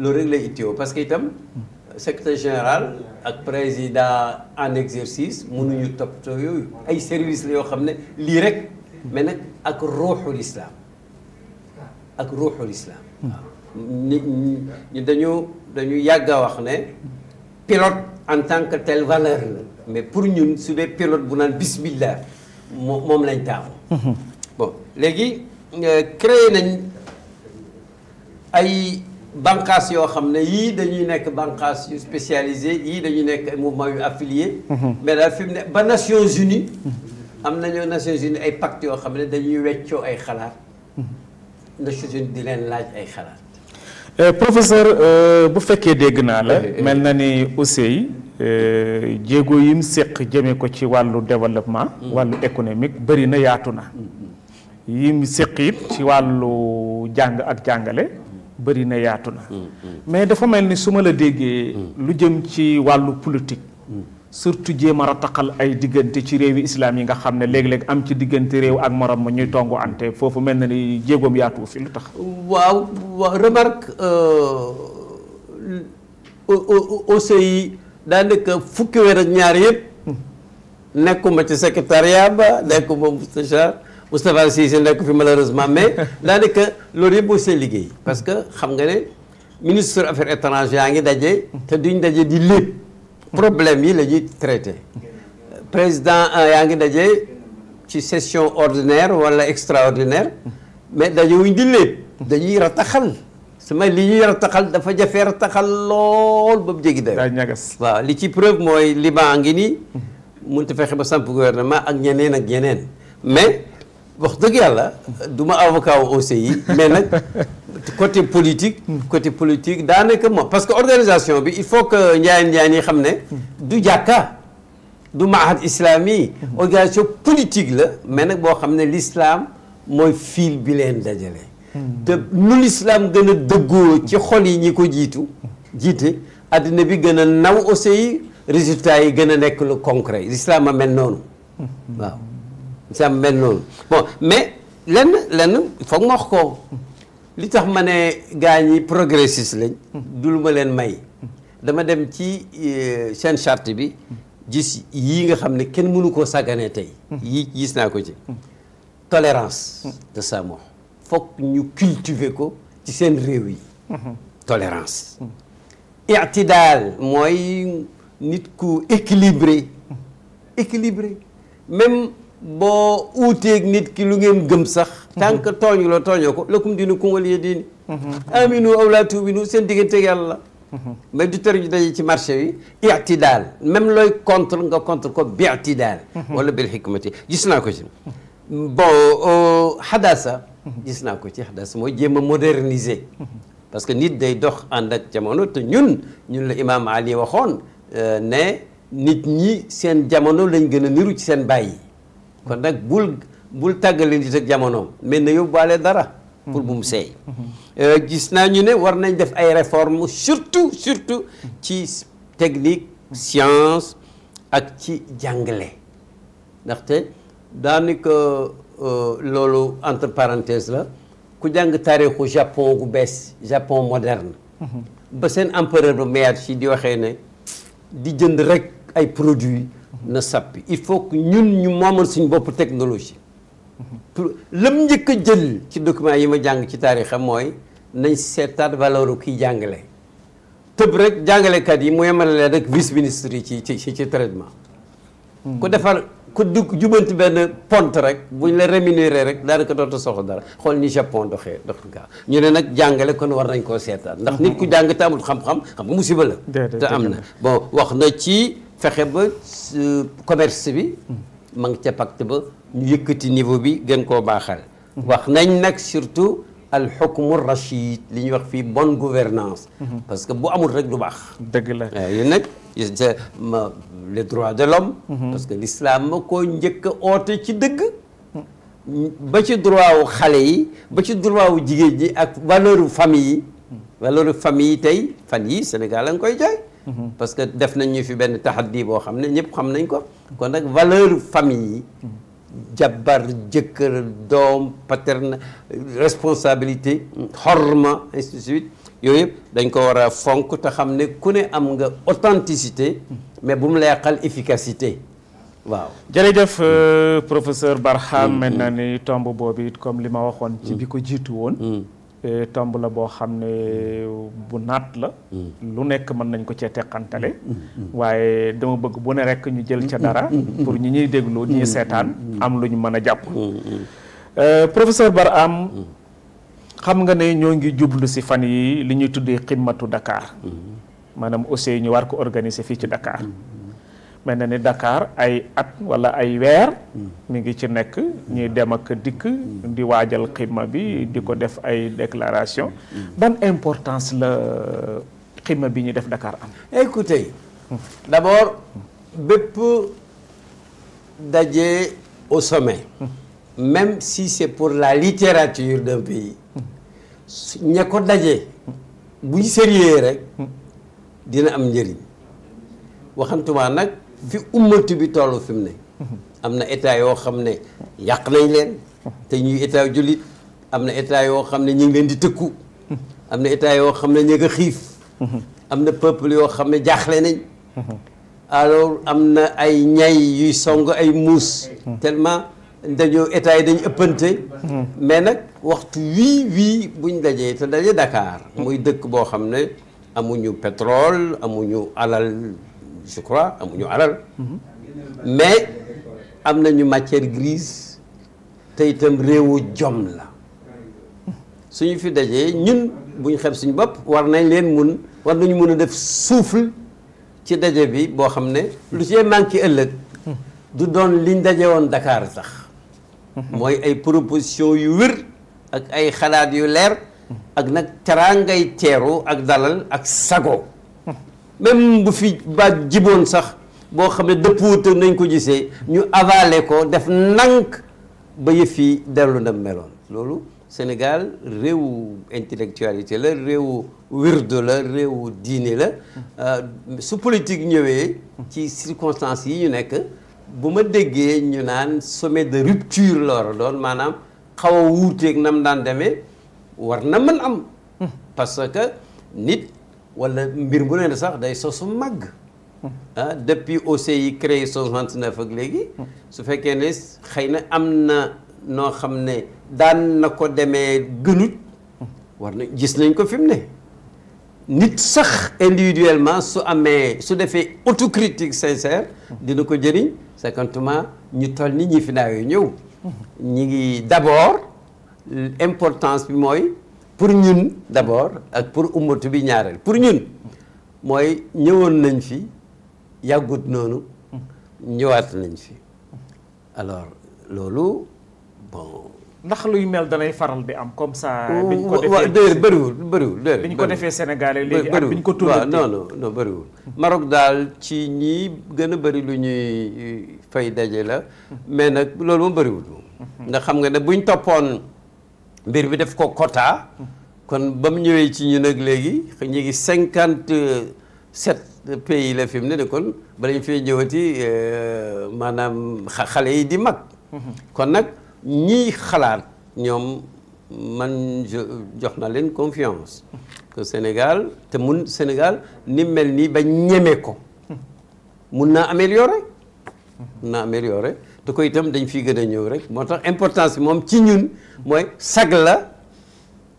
loolu rek lay itteewoo parce que itam hmm. secrétaire général ak président en exercice mënuñu toppatoo yooyu ay service la yoo xam ne lii rek mais nag ak ruuxul islam ak ruuxul islam. Hmm. nit ñi dañu dañu yàgg a wax ne pilote en tant que tel valeur la mais pour ñun su dee pilote bu naan bismillah moom lañ taamu. Hmm. bon léegi euh, créé nañ ay. banqaas yoo xam ne yii dañuy nekk banqaas yu spécialisé yii dañuy nekk mouvement yu affilié mhm. mais daal fi mu ne ba Nations Unies am nañoo Nations Unies ay pacte yoo xam ne dañuy weccoo ay xalaat mhm. Nations Unies di leen laaj ay xalaat euh, professeur euh, bu fekkee dégg naa la eh, eh, eh. mel na ni Ousseye euh, jéego yim séq jëme ko ci wàllu développement mm-hmm. wàllu économique bëri na yaatu na mm-hmm. yim séq it ci wàllu jàng ak jàngale bëri na yaatu na mm, mm. mais dafa mel ni su ma la déggee mm. lu jëm ci wàllu politique surtout jéem a rataxal ay diggante ci réewi islaam yi nga xam ne léeg-léeg am ci diggante réew ak morom ma ñuy tongu ante foofu mel na ni jéegoom yaatu fi lu tax waaw remarque OCI euh, yi daanaka fukki weer ak ñaar yëpp nekkuma ci secrétariat ba nekkuma mustachar Moustapha Cissé nekk fi malheureusement mais daanaka loolu yëpp boo see liggéey parce que xam nga ne ministre affaires étrangères yaa ngi daje te duñ daje di lépp problème yi la ñuy traité président yaa ngi daje ci session ordinaire wala extraordinaire mais daje wuñ di lépp dañuy rataxal sama li ñuy rataxal dafa jafee rataxal lool ba mu jéggi day waaw li ci preuve mooy Liban ngi nii mënut a fexe ba samp gouvernement ak ñeneen ak ñeneen wax dëgg yàlla du ma avocat wu OCI mais nag côté politique. côté politique daanaka moom parce que organisation bi il faut que njaayeen njaayeen yi xam ne. du jàkka du mahad islami. organisation politique la mais nag boo xam ne l'islam mooy fil bi leen dajale. te nu l'islam gën a dëggoo ci xol yi ñi ko jiitu jiite addina bi gën a naw OCI résultat yi gën a nekk lu concret l'islam a mel noonu waaw. ça mel noonu bon mais lenn lenn foog ma wax ko li tax ma ne gaa ñi progressiste lañ. du lu ma leen may. dama dem ci seen euh, chart bi gis yi nga xam ne kenn mënu koo sàgganee tey. yi gis naa ko ci. tolérance. de sa mot foog ñu cultiver ko ci seen réew yi. tolérance. ictidaal mooy nit ku équilibré. équilibré même. boo uuteeg nit ki lu ngeen gëm sax mhm. tant que tooñ la tooñoo ko lakum diinukum waliya diin mhm. aminu aw laa seen digganteeg yàlla la mhm. mais du tere ñu daje ci marché yi ictidaal même looy contre nga contre ko bi ictidaal wala bil xikmati gis naa ko ci bon xadaasa euh, gis naa ko ci xadaasa mooy jéem a moderniser parce que nit day dox ànd ak jamono te ñun ñun la imaam Ali waxoon euh, ne nit ñi seen jamono lañ gën a niru ci seen bàyyi kon nag bul bul tàggali nit ak jamonoom mais na yóbbaale dara. pour bu mu seey. Euh, gis naa ñu ne war nañ def ay réformes surtout surtout ci technique science ak ci jàngale ndaxte daanaka euh, loolu entre parenthèses la ku jàng taarixu Japon gu bees Japon moderne. ba seen empereur ba si di waxee ne di jënd rek ay produits. na sàppi il faut que ñun ñu moomal suñu bopp technologie pour lam njëkk a jël ci documents yi ma jàng ci taarixam mooy nañ seetaat valeur kii jàngale tëb rek jàngalekat yi mu yemale leen rek vice ministre yi ci ci ci traitement hmm. ku defar ku dugg jubanti benn pont rek buñ la rémunéré rek daanaka dootu soxla dara xool ni Japon doxee dox gaa ñu ne nag jàngale kon war nañ koo seetaat ndax nit ku hmm. jàng te amul xam-xam xam nga musiba la te am na bon wax na fexe ba commerce bi ma ngi ca pacte ba ñu yëkkati niveau bi gën koo baaxal wax nañ nag surtout al xukmu rachid li ñuy wax fii bonne gouvernance parce que bu amul rek du baax dëgg la waaw eh, nag ma les droits de l'homme parce que l'islam ma koo njëkk a ci dëgg ba ci droit wu xale yi ba ci droit wu jigéen ñi ak valeur famille yi valeur famille yi tey fan yi Sénégal la koy jaay Mhm. parce que def nañ ñu fi benn taxaddi boo xam ne ñëpp xam nañ ko kon nag valeur famille yi mhm. jabar jëkkër doom paterne responsabilité xorma ainsi de suite yooyu yëpp dañ ko war a fonk te xam ne ku ne am nga authenticité mhm. mais bu mu la yàqal efficacité waaw jërëjëf mm. euh, professeur Barham mm, mel mm. na ni tomb boobi it comme li ma waxoon ci bi ko jiitu woon E, tomb la boo xam ne bu naat la hmm. lu nekk mën nañ ko cee teqantale hmm. Hmm. waaye dama bëgg bu ne rek ñu jël ca dara pour ñi ñuy déglu ñuy seetaan am lu ñu mën a jàpp e, professeur Bar am xam nga ne ñoo ngi jublu si fan yi li ñuy tuddee ximmatu dakaar maanaam aussi ñu war ko organiser fii ci Dakar mel na ni dakaar ay at walla ay weer mu hmm. ngi ci nekk ñuy dem ak dikk hmm. di waajal xima bi di ko def ay déclaration hmm. ban importance la euh, xima bi ñu def Dakar am écoutez d'abord bépp daje au sommet même si c'est pour la littérature d'un pays ña ko daje buñ sérieux rek dina am njëriñ waxantumaa nag fi ummati bi toll fi mu ne am na état yoo xam ne yàq nañ leen te ñuy état jullit am na état yoo xam ne ñu ngi leen di tëkku am na état yoo xam ne ñu nga xiif am na peuple yoo xam ne jaaxle nañ alors am na ay ñay yuy song ay muus tellement dañoo état yi dañu ëppante mais nag waxtu wii wii buñ dajee te daje dakaar muy dëkk boo xam ne amuñu pétrole amuñu alal je crois amuñu alal mais am nañu matière grise te itam réewu jom la suñu fi dajee ñun buñ xeeb suñu bopp war nañ leen mun war nañu mun a def souffle ci daje bi boo xam ne lu see manqué ëllëg du doon liñ daje woon Dakar sax mooy ay proposition yu wér ak ay xalaat yu leer ak nag teraangay teeru ak dalal ak sago même bu fi ba jiboon sax boo xam ne dëppuwut nañ ko gisee ñu avale ko def nank ba yëf dellu na meloon loolu Sénégal réewu intellectualité la réewu wirdo la réewu diine la euh, su politique ñëwee ci circonstances yi ñu nekk bu ma déggee ñu naan sommet de rupture loora doon maanaam xaw a wuuteeg nam daan demee war na mën am hmm. parce que nit wala mbir bu ne sax day sos su màgg hmm. ah depuis OCI créé 69 ak léegi hmm. su fekkee ne xëy na am na noo xam ne daan na ko demee gënut hmm. war na gis nañ ko fi mu ne nit sax individuellement su amee su defee autocritique sincère dina ko jëriñ cinquantement ñu toll ni ñi fi ñëw ñi ngi d'abord importance bi mooy pour ñun d'abord ak pour ummatu bi ñaareel pour ñun mooy ñëwoon nañ fi yàggut noonu ñëwaat nañ fi alors loolu bon. ndax luy mel danay faral bi am comme ça. bi ñu ko defee waaw déedéet bëriwul bëriwul bi ñu ko defee Sénégal léegi ak bi ñu ko tuuratee non non non bëriwul. Maroc daal ci ñii gën a bëri lu ñuy fay daje la. mais nag loolu moom bëriwul moom. ndax xam nga ne buñ toppoon. mbir bi def ko quota kon ba mu ñëwee ci ñu nag léegi ñu ngi cinquante sept pays la fi ne ne kon ba lañ fee ñëwati euh, maanaam xale yi di mag kon nag ñii xalaat ñoom man jox na leen confiance que Sénégal te mun Sénégal ni mel nii ba ñeme ko mun naa améliorer mun naa améliorer te ko itam dañ fi gën a ñëw rek moo tax importance bi moom ci ñun mooy sag la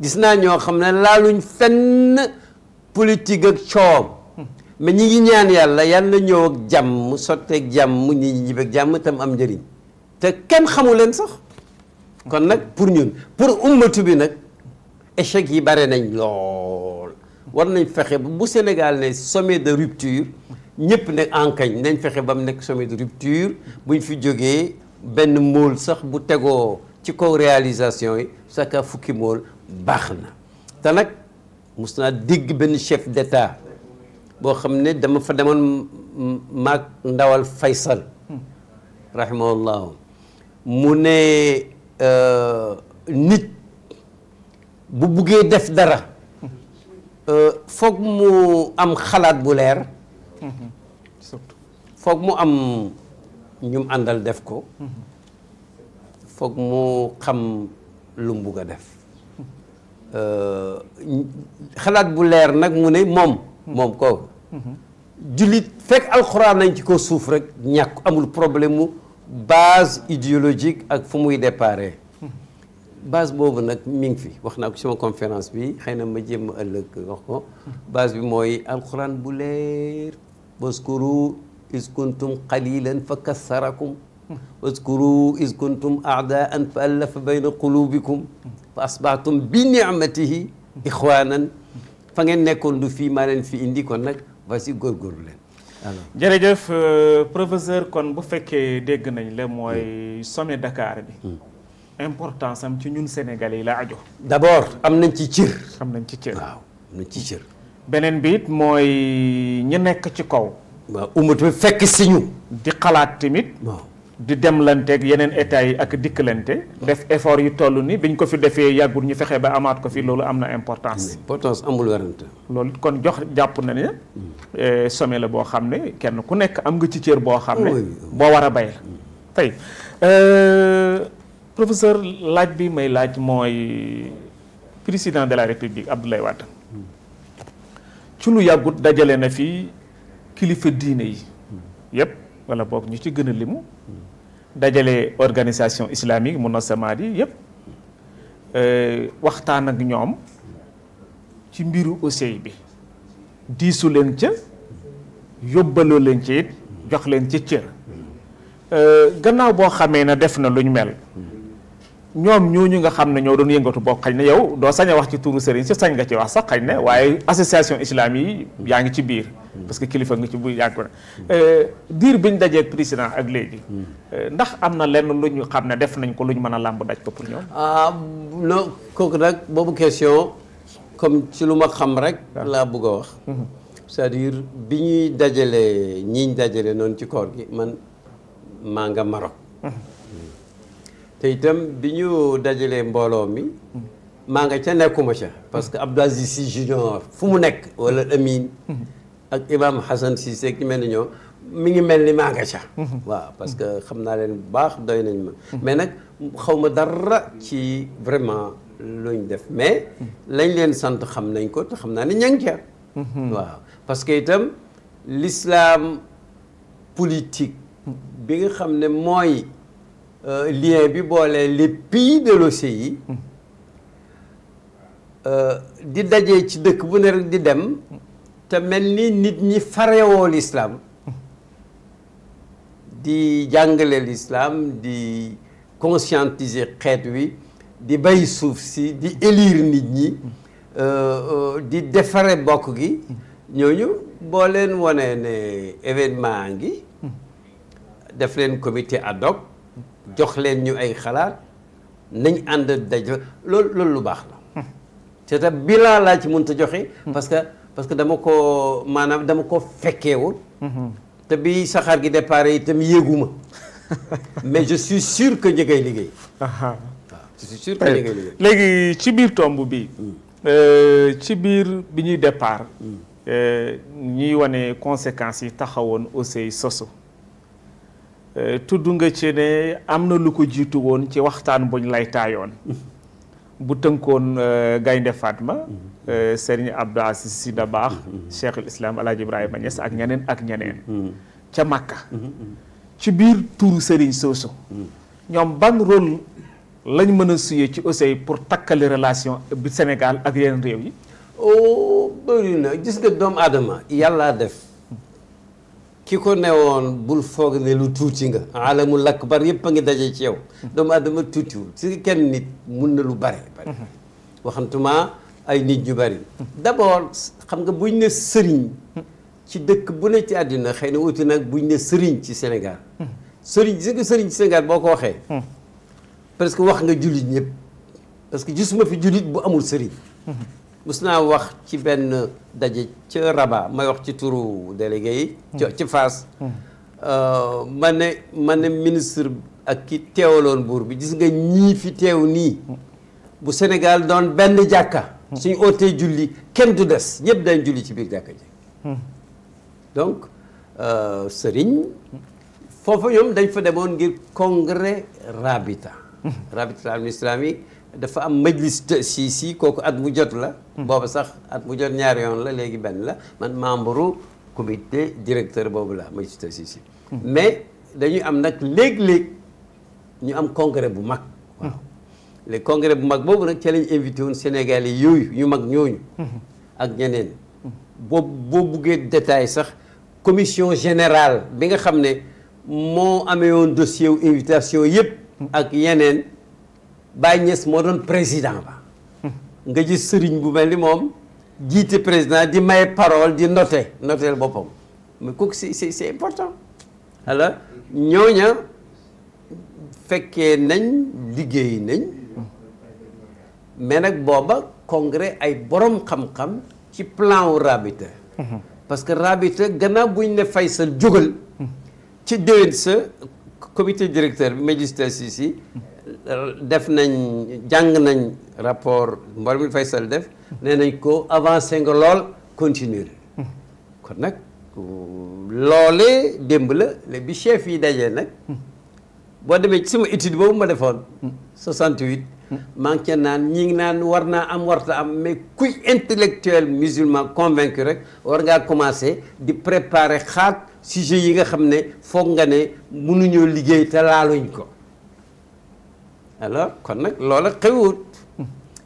gis naa ñoo xam ne laaluñ fenn politique ak coom mais ñi ngi ñaan yàlla yàlla ñëw ak jàmm sotteeg jàmm ñi ñi ñibbeeg jàmm itam am njëriñ te kenn xamu leen sax kon nag pour ñun pour ummatu bi nag échec yi bare nañ lool war nañ fexe bu Sénégal ne sommet de rupture ñëpp ne enkañ nañ fexe ba mu nekk sommet de rupture buñ fi jógee benn mool sax bu tegoo ci kaw réalisation yi saka fukki mool baax na te nag mus naa digg benn chef d'état boo xam ne dama fa demoon maag ndawal Faysal rahimahullahu mu ne euh, nit bu buggee def dara euh, foog mu am xalaat bu leer surtout foog mu am ñum àndal def ko foog mu xam lu mu bugg a def euh, xalaat bu leer nag mu ne moom moom kooku jullit fekk alxuraan nañ ci ko suuf rek ñàkk amul problème mu base idéologique ak fu muy dépare base boobu nag mi ngi fi wax naa ko sama conférence bi xëy na ma jéem a ëllëg wax ko base bi mooy alxuraan bu leer waskuru is kuntum qalilan fa kassarakum waskuru is kuntum aadaan fa allafa bayna qulubikum fa asbaxtum bi nicmatihi ixwanan fa ngeen nekkoon du fii maa leen fi indi kon nag voici góorgóorlu leen jërëjëf professeur kon bu fekkee dégg nañ la mooy sommet Dakar bi importance am ci ñun Sénégalais yi la ajo d'abord am nañ ci cër am nañ ci cër waaw am nañ ci cër beneen bi it mooy ñu nekk ci kaw. waaw umma tamit fekk si ñu. di xalaat tamit. di demlanteeg yeneen état yi ak dikkalante. def effort yi toll ni biñ ko fi defee yàggul ñu fexe ba amaat ko fi loolu am na importance. importance amul werante. loolu kon jox jàpp na ne. Hmm. Eh, sommet la boo xam ne kenn ku nekk am nga ci cër boo xam ne. boo war a bay la. tey euh, professeur laaj bi may laaj mooy président de la république Abdoulaye Wade. ci lu yàggut dajale na fi kilifa diine yi yépp wala boog ñu ci gën a limu dajale organisation islamique munasamaat yi yépp euh, waxtaan ak ñoom ci mbiru OCI bi diisu leen ca yóbbaloo leen ca it jox leen ca cër euh, gannaaw boo xamee na def na luñ mel ñoom ñu nga xam ne ñoo doon yëngatu bokk xañ na yow doo sañ a wax ci turu sëriñ si sañ nga ci wax sax xañ na waaye association islam yi yaa ngi ci biir parce que kilifa nga ci bu yàgg ko euh, diir biñ dajee ak président ak léegi euh, ndax am na lenn lu ñu xam ne def nañ ko lu ñu mën a làmb daj ko pour ñoom ah non kooku nag boobu question comme ci lu ma xam rek ah. laa bëgg a wax mhm. cest à bi ñuy dajale ñiñ dajale noonu ci koor gi man maa nga Maroc mhm. te itam bi ñu dajalee mbooloo mi hmm. maa nga ca nekkuma ca parce que hmm. Abdou Aziz Sy Junior fu mu nekk wala Amine hmm. ak Imam Hassan Cissé ki mel ni ñoo mi ngi mel ni maa nga ca waaw parce que xam naa leen bu baax doy nañ ma mais nag xaw ma dara ci vraiment luñ def mais lañ leen sant xam nañ ko te xam naa ne ña ngi ca waaw parce que itam l'islam politique bi nga xam ne mooy Euh, lien bi boolee les pays de l'OCI hmm. euh, di dajee ci dëkk bu ne rek di dem hmm. te mel ni nit ñi farewoo l'islam hmm. di jàngale lislaam di conscientiser xeet wi di bay suuf si di élire nit ñi euh, di defare bokk gi ñooñu boo leen wanee ne événement ngi def leen comité ad hoc jox leen ñu ay xalaat nañ ànd daj loolu loolu lu baax la hmm. c'est-à-dire laa ci mënta joxe hmm. parce que parce que dama ko maanaam dama ko fekkeewul hmm. te bi saxaar gi départ itam yéeguma mais je suis sûr que ñu ngay liggéey léegi ci biir tomb bi euh, ci biir bi ñuy départ euh, ñuy wane conséquences yi taxawoon aussi sosu Euh, tudd nga ci ne am na lu ko jiitu woon ci waxtaan buñ lay taayoon bu tënkoon euh, Gaynde Fatma mm-hmm. euh, Serigne Abdou Aziz Sy Dabakh mm-hmm. Cheikhul Islam Alhaji Ibrahima Niass ak ñeneen ak ñeneen mm-hmm. ca Makka ci biir tuuru Serigne soosu ñoom ban rôle lañ mën a suyee ci OCI pour takkali relation bi Sénégal ak yeneen réew yi oh bëri na gis nga doomu aadama yàllaa def ki ko newoon bul foog ne lu tuuti nga lakk bari yëpp a ngi daje ci yow doomu adama tuutiwul si kenn nit mun na lu bare bare waxantuma ay nit ñu bari d'abord xam nga buñ ne sëriñ ci dëkk bu ne ci àddina xëy na wuti nag buñ ne sëriñ ci Sénégal sëriñ gis nga sëriñ ci Sénégal boo ko waxee parce que wax nga jullit ñëpp parce que gisuma fi jullit bu amul sëriñ mus naa wax ci benn daje ci Rabat may wax ci turu délégué yi. ci hmm. Fass. Hmm. Euh, ma ne ma ne ministre ak ki teewaloon buur bi gis nga ñii fi teew nii. Hmm. bu Sénégal doon benn jàkka. suñ ootee julli kenn du des ñëpp dañ julli ci biir jàkka ji. donc euh, sëriñ. foofu ñoom dañ fa demoon ngir congrès rabita. rabita al islami dafa am majlis si si kooku at mu jot la. boobu sax at mu jot ñaari yoon la léegi benn la man membre comité directeur boobu la majlis si si. mais dañuy am nag léeg-léeg ñu am congrès bu mag. waaw les bu mag boobu nag ca lañ invité woon Sénégalais yooyu ñu mag ñooñu. ak ñeneen. boo boo buggee détail sax commission général bi nga xam ne moo amee woon dossier wu invitation yëpp. ak yeneen. Baye Niass moo doon président ba nga gis sëriñ bu ma ni moom jiite président di may parole di note noteel boppam mais kooku c'est c'est important alors ñooña fekkee nañ liggéey nañ mais nag booba congrès ay borom xam-xam ci plan wu rabita parce que rabita gannaaw buñ ne Faysal jógal ci déwén sa comité directeur bi magistrat si def nañ jàng nañ rapport Mbouramine Faysal def nee nañ ko avancé nga lool continuer kon nag loolee démb la léegi bi chef yi dajee nag boo demee ci sama étude boobu ma defoon 68 maa ngi naan ñi ngi naan war naa am warta am mais kuy intellectuel musulman convaincu rek war ngaa commencé di préparer xaat sujet yi nga xam ne foog nga ne mënuñoo liggéey te laaluñ ko alors kon nag loola xewut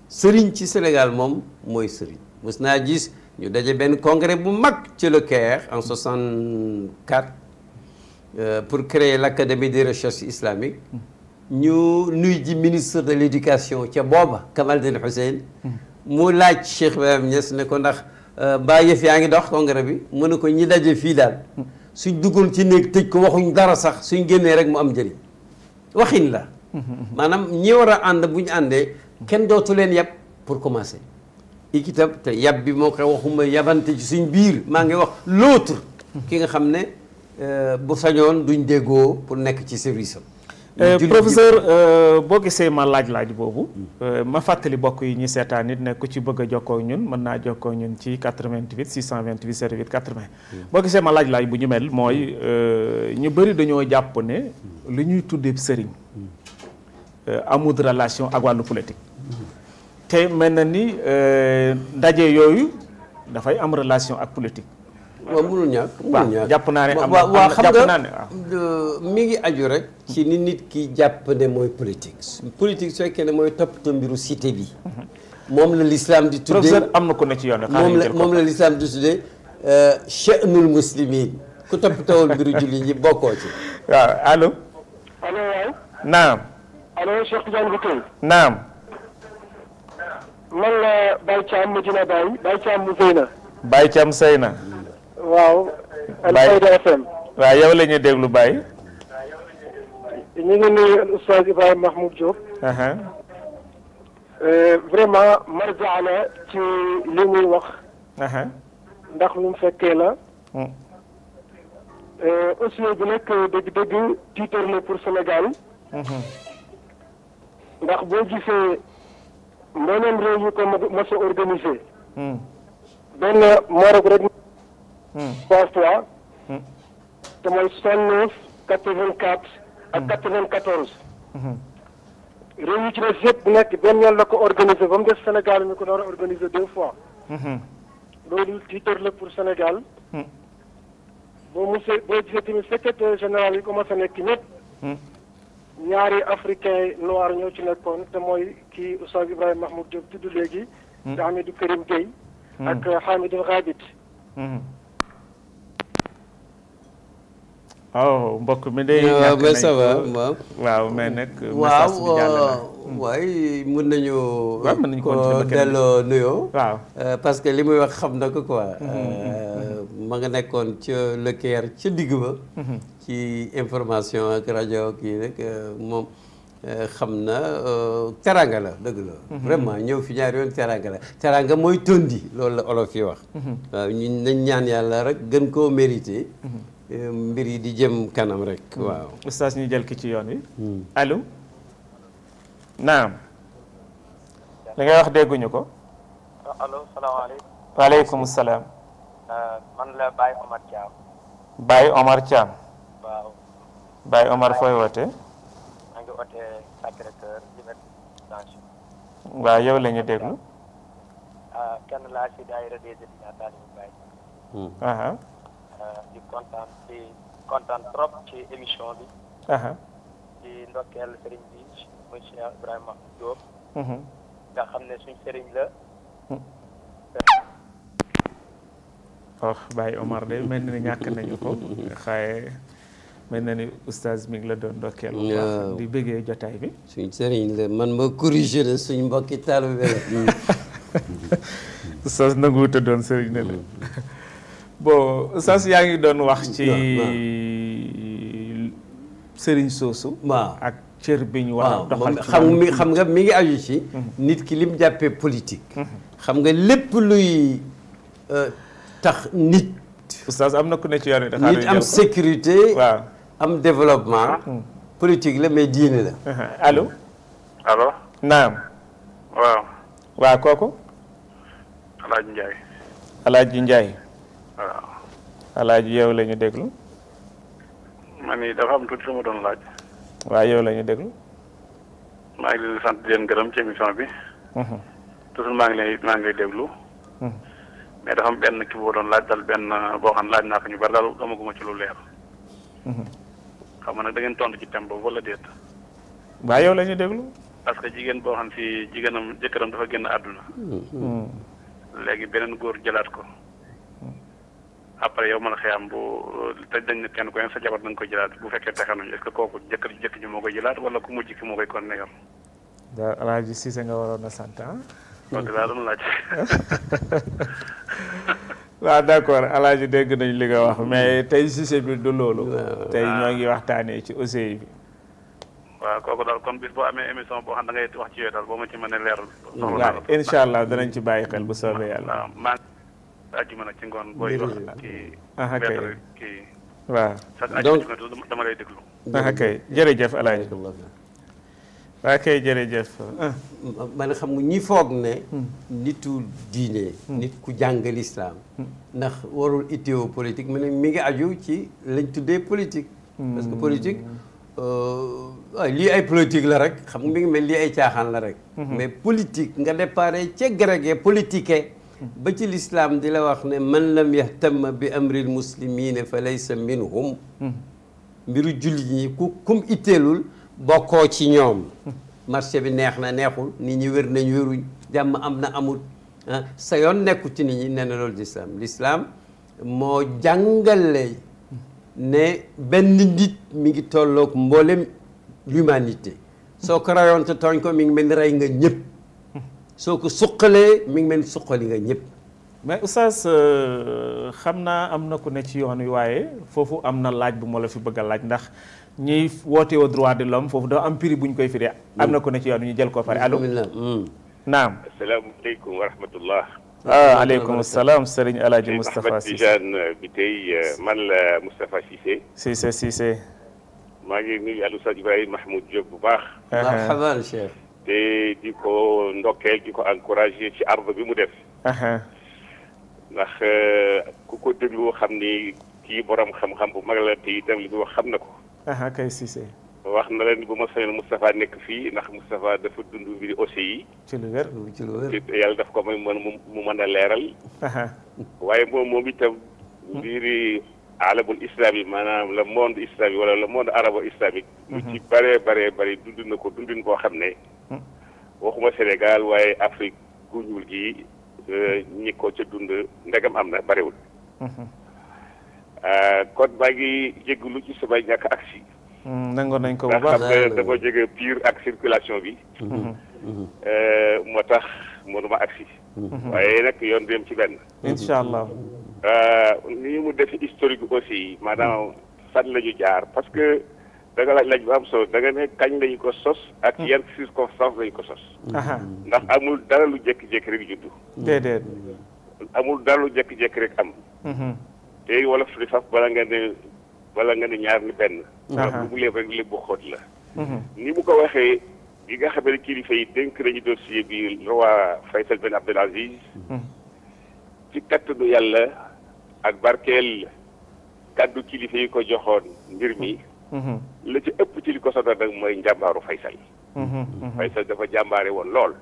sëriñ ci Sénégal moom mooy sëriñ mos naa gis ñu daje benn congrès bu mag ci Le Caire en 64 euh, pour créer l' académie des recherches islamiques ñu nuy ji ministre de l' éducation ca booba Kamaldine Hussein mu laaj Cheikh Ibrahim Niass ne ko ndax mbaa euh, yëf yaa ngi dox congrès bi mu ne ko ñi daje fii daal suñ duggoon ci néeg tëj ko waxuñ dara sax suñ génnee rek mu am njëriñ waxin la maanaam ñi war a ànd bu ñu àndee kenn dootu leen yab pour commencer ikitab te yab bi moo koy waxuma yabante ci suñ biir maa ngi wax l'autre ki nga xam ne euh, bu sañoon duñ déggoo pour nekk ci service am euh, professeur euh, boo gisee ma laaj-laaj boobu ma fàttali bokk yi ñu seetaan nit ne ku ci bëgg a jokkoo ñun mën naa jokkoo ñun ci 88 628 78 80 boo gisee ma laaj-laaj bu ñu mel mooy ñu bëri dañoo jàpp ne lu ñuy tuddee sëriñ hmm. Euh, amut relation ak wàllu politique te mel na ni euh, ndaje yooyu dafay am relation ak politique. waaw mënul ñàkk mënul ñàkk jàpp naa ne am waaw xam mi ngi aju rek. ci ni nit ki jàpp ne mooy politique. politique su fekkee ne mooy toppatoo mbiru cité bi. moom la l'islam di tuddee professeur am na ko ne ci yoon moom la moom la l'islam di tuddee che'nul euh, muslimin ku toppatoowul mbiru julli ñi bokkoo ci. waaw allo. naam. allo Cheikh Tidiane Bakary. naam. man la Baye Thiam Medina Baye Baye Thiam mu Seyna. Baye Thiam Seyna. waaw. Baye Alfayda FM. waaw yow la ñuy déglu Baye. ñu ngi nuyu Oustaz Ibrahima Mahmoud Diop. Euh, vraiment marja ci li muy wax. ndax lu mu fekkee la. Mm. Euh, aussi bu nekk dëgg-dëgg tiitar la pour Sénégal. Mm-hmm. ndax boo gisee mbooleem réew yi ko mos a organisé. Hmm. benn Maroc rek. 3 hmm. 3. Hmm. te mooy 69 84 ak 94. réew yi ci des yëpp nekk benn yoon la ko organisé ba mu des Sénégal ñu ko door a organisé fois. loolu tiitër la pour Sénégal. boo mos boo gisee tamit secrétaire général yi commencé nekk ñëpp. ñaari africain noir ñoo ci nekkoon te mooy kii Oustaz Ibrahima Mahmoud Diop tudd léegi. te hmm. Hamidou Karim Gueye. Hmm. ak Hamidou Rabit. waaw mbokk mi day. ñàkk nañ ça waaw. waaw mais nag. na waaw euh, waaye mën nañu. ko delloo nuyoo. waaw euh, parce que li muy wax xam na ko quoi. Hmm, euh, ma nga nekkoon ca le Caire ca digg ba. ci information ak rajo kii rek euh, moom euh, xam na euh, teranga la dëgg la. Mhm. vraiment ñëw fi ñaari yoon teranga la teranga mooy tondi loolu la olof yi wax. Mhm. waaw ñun nañ ñaan yàlla rek gën koo mérité. Mhm. mbir yi di jëm kanam rek waaw. oustaz ñu jël ki ci yoon wi. Hmm. allo. naam. li ngay wax dégguñu ko. allo salaam. man Omar Thiam. Baye Omar fooy wootee. maa ngi wootee yow la déglu. Ah, kenn laa ci daayira des étudiants Talibou Baye. Hmm. Ah, ah. di kontaan di kontaan trop ci émission bi. di ndokkeel sëriñ bi muy Cheikh Ibrahima Diop. Mm-hmm. nga xam ne suñ sëriñ la. Mm-hmm. oh Baye Omar de mel ni ñàkk nañu ko xaye mel na ni oustaz mi ngi la doon ndokkeel waaw di bëggee jotaay bi suñ sëriñ la man ma corrigé la suñ mbokki taalibe la oustaz nanguwut a doon sëriñ ne la bon oustaz yaa ngi doon wax ci sëriñ soosu ak cër bi ñu war a doxal mi ngi aju ci mhm. nit ki lim jàppee politique mhm. xam nga lépp luy euh, tax nit oustaz am na ku ne ci yoon nit am sécurité am développement. Ah. politique la mais diine la. Uh-huh. allo. alo naam. waaw. waa kooku. Alaaji Ndiaye. Alaaji Ndiaye. waaw. Alaaji yow la ñu déglu. man ni dafa am tuuti doon laaj. waaw yow la ñu déglu. maa ngi leen di sant di leen gërëm ci émission bi. Uh-huh. toujours maa ngi la maa ngi lay déglu. Uh-huh. mais dafa am benn kii boo doon laaj dal benn boo xam laaj naa ko ñu bari daal amaguma ci lu leer. xam nga nag da ngeen tontu ci thème boobu wala déet. waaye yow la ñuy déglu. parce que jigéen boo xam si jigéenam jëkkëram dafa génn àdduna. Hmm. léegi beneen góor jëlaat ko. après yow man xëy am bu tëj dañ ne kenn ku ne sa jabar da nga koy jëlaat bu fekkee taxe nañu est que kooku jëkkër jëkk ji moo koy jëlaat wala ku mu ki moo koy kon negal. daal Alaaji Cissé nga waroon a sant ah? loolu laa doon laaj. waaw d'accord dégg nañ li nga wax mais hmm. tey sujet bi du loolu. Ah. tey ñoo ngi waxtaan waxtaanee ci OCI bi. waaw kooku daal kon bis boo amee émission boo xam da ngay wax ci yooyu daal boo ma ci mën a leeral. Hmm. waaw incha allah danañ ci bàyyi xel bu soobee yàlla. waaw maa ngi àjjuma nag ci ngoon booy wax ah, ci. ah kay waaw. chaque àjjuma dama lay déglu. ah kay jërëjëf alaaji. waa kay jërëjëf. man xam nga ñi foog ne. Hmm. nitu diine. Hmm. nit ku jàng lislaam hmm. ndax warul itéo politique mu ne mi ngi aju ci lañ tuddee politique. parce que politique euh, lii ay politique la rek xam nga mi ngi mel lii ay caaxaan la rek. mais politique nga déparé ca grege politique. ba ci lislaam di la wax ne man lam yahtam bi amril muslimina fa laysa minhum mbiru jullit ñi ku kum itteelul. bokkoo ci ñoom marché bi neex na neexul ni ñi wér nañ wéruñ jàmm am na amut ah, sa yoon nekku ci nit ñi nee na loolu lislaam lislaam moo jàngale ne benn nit mi ngi tolloog mboolem l'humanité soo ko rayoon te tooñ ko mi ngi mel ni rey nga ñëpp soo ko suqalee mi ngi mel ni suqali nga ñëpp mais oustaz euh, xam naa am na ku ne ci yoon wi waaye foofu am na laaj bu ma la fi bëgg a laaj ndax ñuy woote woo droit de l'homme foofu dafa am prix bu ñu koy firee am na ko ne ci yoon ñu jël ko pare allo hmm. naam asalaamaaleykum wa rahmatullah ah, ah aleykum salaam Serigne El Hadj Moustapha Cissé Ahmed Tidiane euh, bi tey euh, man la Moustapha Cissé. Cissé Cissé. maa ngi nuyu Aliou Sadio Ibrahima Mahmoud Diop bu baax. marhaban uh-huh. Cheikh. te di ko ndokkeel di ko encouragé ci arbre bi mu def. Uh-huh. ndax euh, ku ko déglu xam ni kii borom xam-xam bu mag la te itam li mu wax xam na ko. wax na leen bu ma soñoon Moustapha nekk fii ndax Moustapha dafa dund mbiri aussi yi. ci lu wér ci yàlla daf ko may mën mu mën a leeral. waaye moom moom itam. mbiri alamul islamique maanaam la monde islamique wala le monde arabo islamique. lu mhm. ci bëree bëree bëri dund na ko dundin koo xam ne. Mhm. waxuma Sénégal waaye Afrique gu ñuul gi euh, ñi ko ca dund ndegam am na bëriwul. Mhm. Euh, kon maa ngi jégalu ci samay ñàkk aksi hmm, nangoon nañ ko bu baax ndax xam jege pire ak circulation bi. Mhm. Hmm. Euh, moo tax mënuma aksi mhm. waaye nag yoon dem ci benn. Hmm. incha allah. Euh, ni mu def historique aussi maanaam fan la ñu jaar parce que da nga laaj laaj bu am solo da ne kañ lañu ko sos. ak yan circonstance lañu ko sos. Mhm. ndax amul dara lu jékki-jékki rek juddu. déedéet. amul dara lu jékki-jékki rek am. te wolof di sax bala nga ne bala nga ne ñaar ni benn. ndax mu léeb rek léeb bu la. Mhm. ni mu ko waxee bi nga xam ne kilifa yi dénk nañu dossier bi roi Faysal Ben Abdel Aziz. Mhm. ci kattanu yàlla ak barkeel kàddu kilifa yi ko joxoon mbir mi. Mhm. la ci ëpp ci li ko sonal nag mooy njàmbaaru Faysal. Faysal dafa jàmbaare woon lool.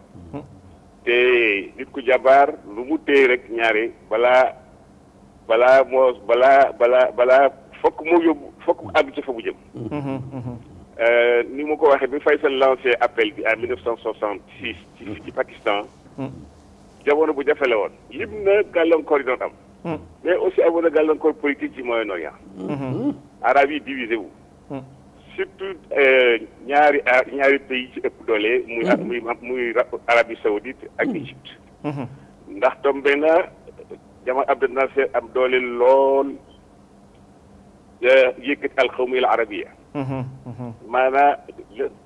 te nit ku jàmbaar lu mu téye rek ñaare balaa. balaa moo balaa balaa balaa fokk mu yóbbu fokk mu àgg ci fa mu jëm. Mm-hmm. Euh, ni mu ko waxee bi Faysal lancé appel bi en 1966. ci mm-hmm. ci Pakistan. Mm-hmm. jamono bu jafe woon. lim na gàllankoor yi doon am. mais aussi amoon na gàllankoor politique ci Moyen-Orient. arab yi divisé wu. surtout euh, ñaari ah, ñaari pays ci ëpp doole. muy muy Arabie Saoudite ak Égypte. ndax tombé na. jama Abdel Nasser am doole lool yëkkati alxawmi al arabiya mhm, mhm. maanaam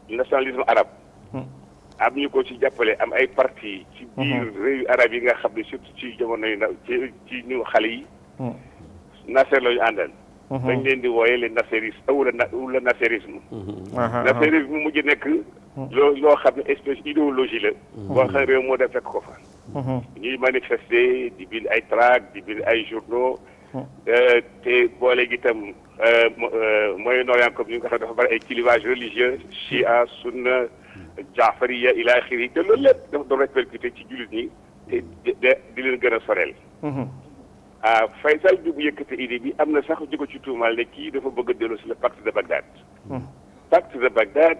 nationalisme arabe. Hmm. am ñu ko ci jàppale am ay parti ci mhm. biir réew arab yi nga xam ne surtout ci jamono yu ndaw ci ci ñu xale yi. Hmm. Nasser la ñu àndal. Uh-huh. dañ leen di wooye le nasseriste wala na wala nasserisme nasserisme mujj nekk uh-huh. loo xam ne espèce idéologie la uh-huh. boo xam réew moo def fekk ko fa ñuy di bind ay tract di bind ay journaux euh, te boole gi itam euh, euh, Moyen-Orient comme ñu nga xam dafa bari ay clivage religieux chia sunna jaafariya ila axiri te loolu lépp dafa doon répercuté ci jullit ñi te di leen gën a soreel ah Faysal bi bu yëkkate idée bi am na sax ju ko ci tuumaal ne kii dafa bëgg a delloo si le pacte de Bagdad. Hmm. pacte de Bagdad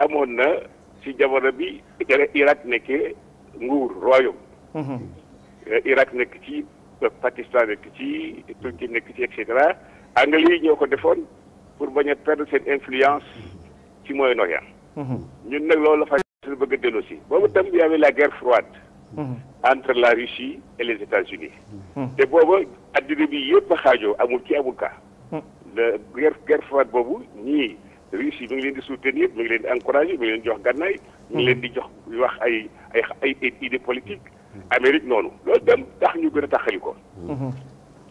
amoon na ci jamono bi Irak nekkee nguur royaume. Hmm. Eh, Irak nekk ci eh, Pakistan nekk ci Turquie nekk ci et cetera anglais yi ñoo ko defoon pour bañ a perdre seen influence ci Moyen-Orient. Hmm. ñun nag loolu la Faysal bëgg a delloo boobu tam y la guerre froide. Mm-hmm. entre la Russie et les États-Unis mm-hmm. te booba addina bi yëpp xaajo amul ci amul ka mm-hmm. le guerre guerre froide boobu ñii Russie mi ngi leen di soutenir mi ngi leen di encourager mi ngi leen di jox gànnaay mi ngi leen di jox wax ay ay ay idée politique Amérique noonu loolu dem tax ñu gën a taxali ko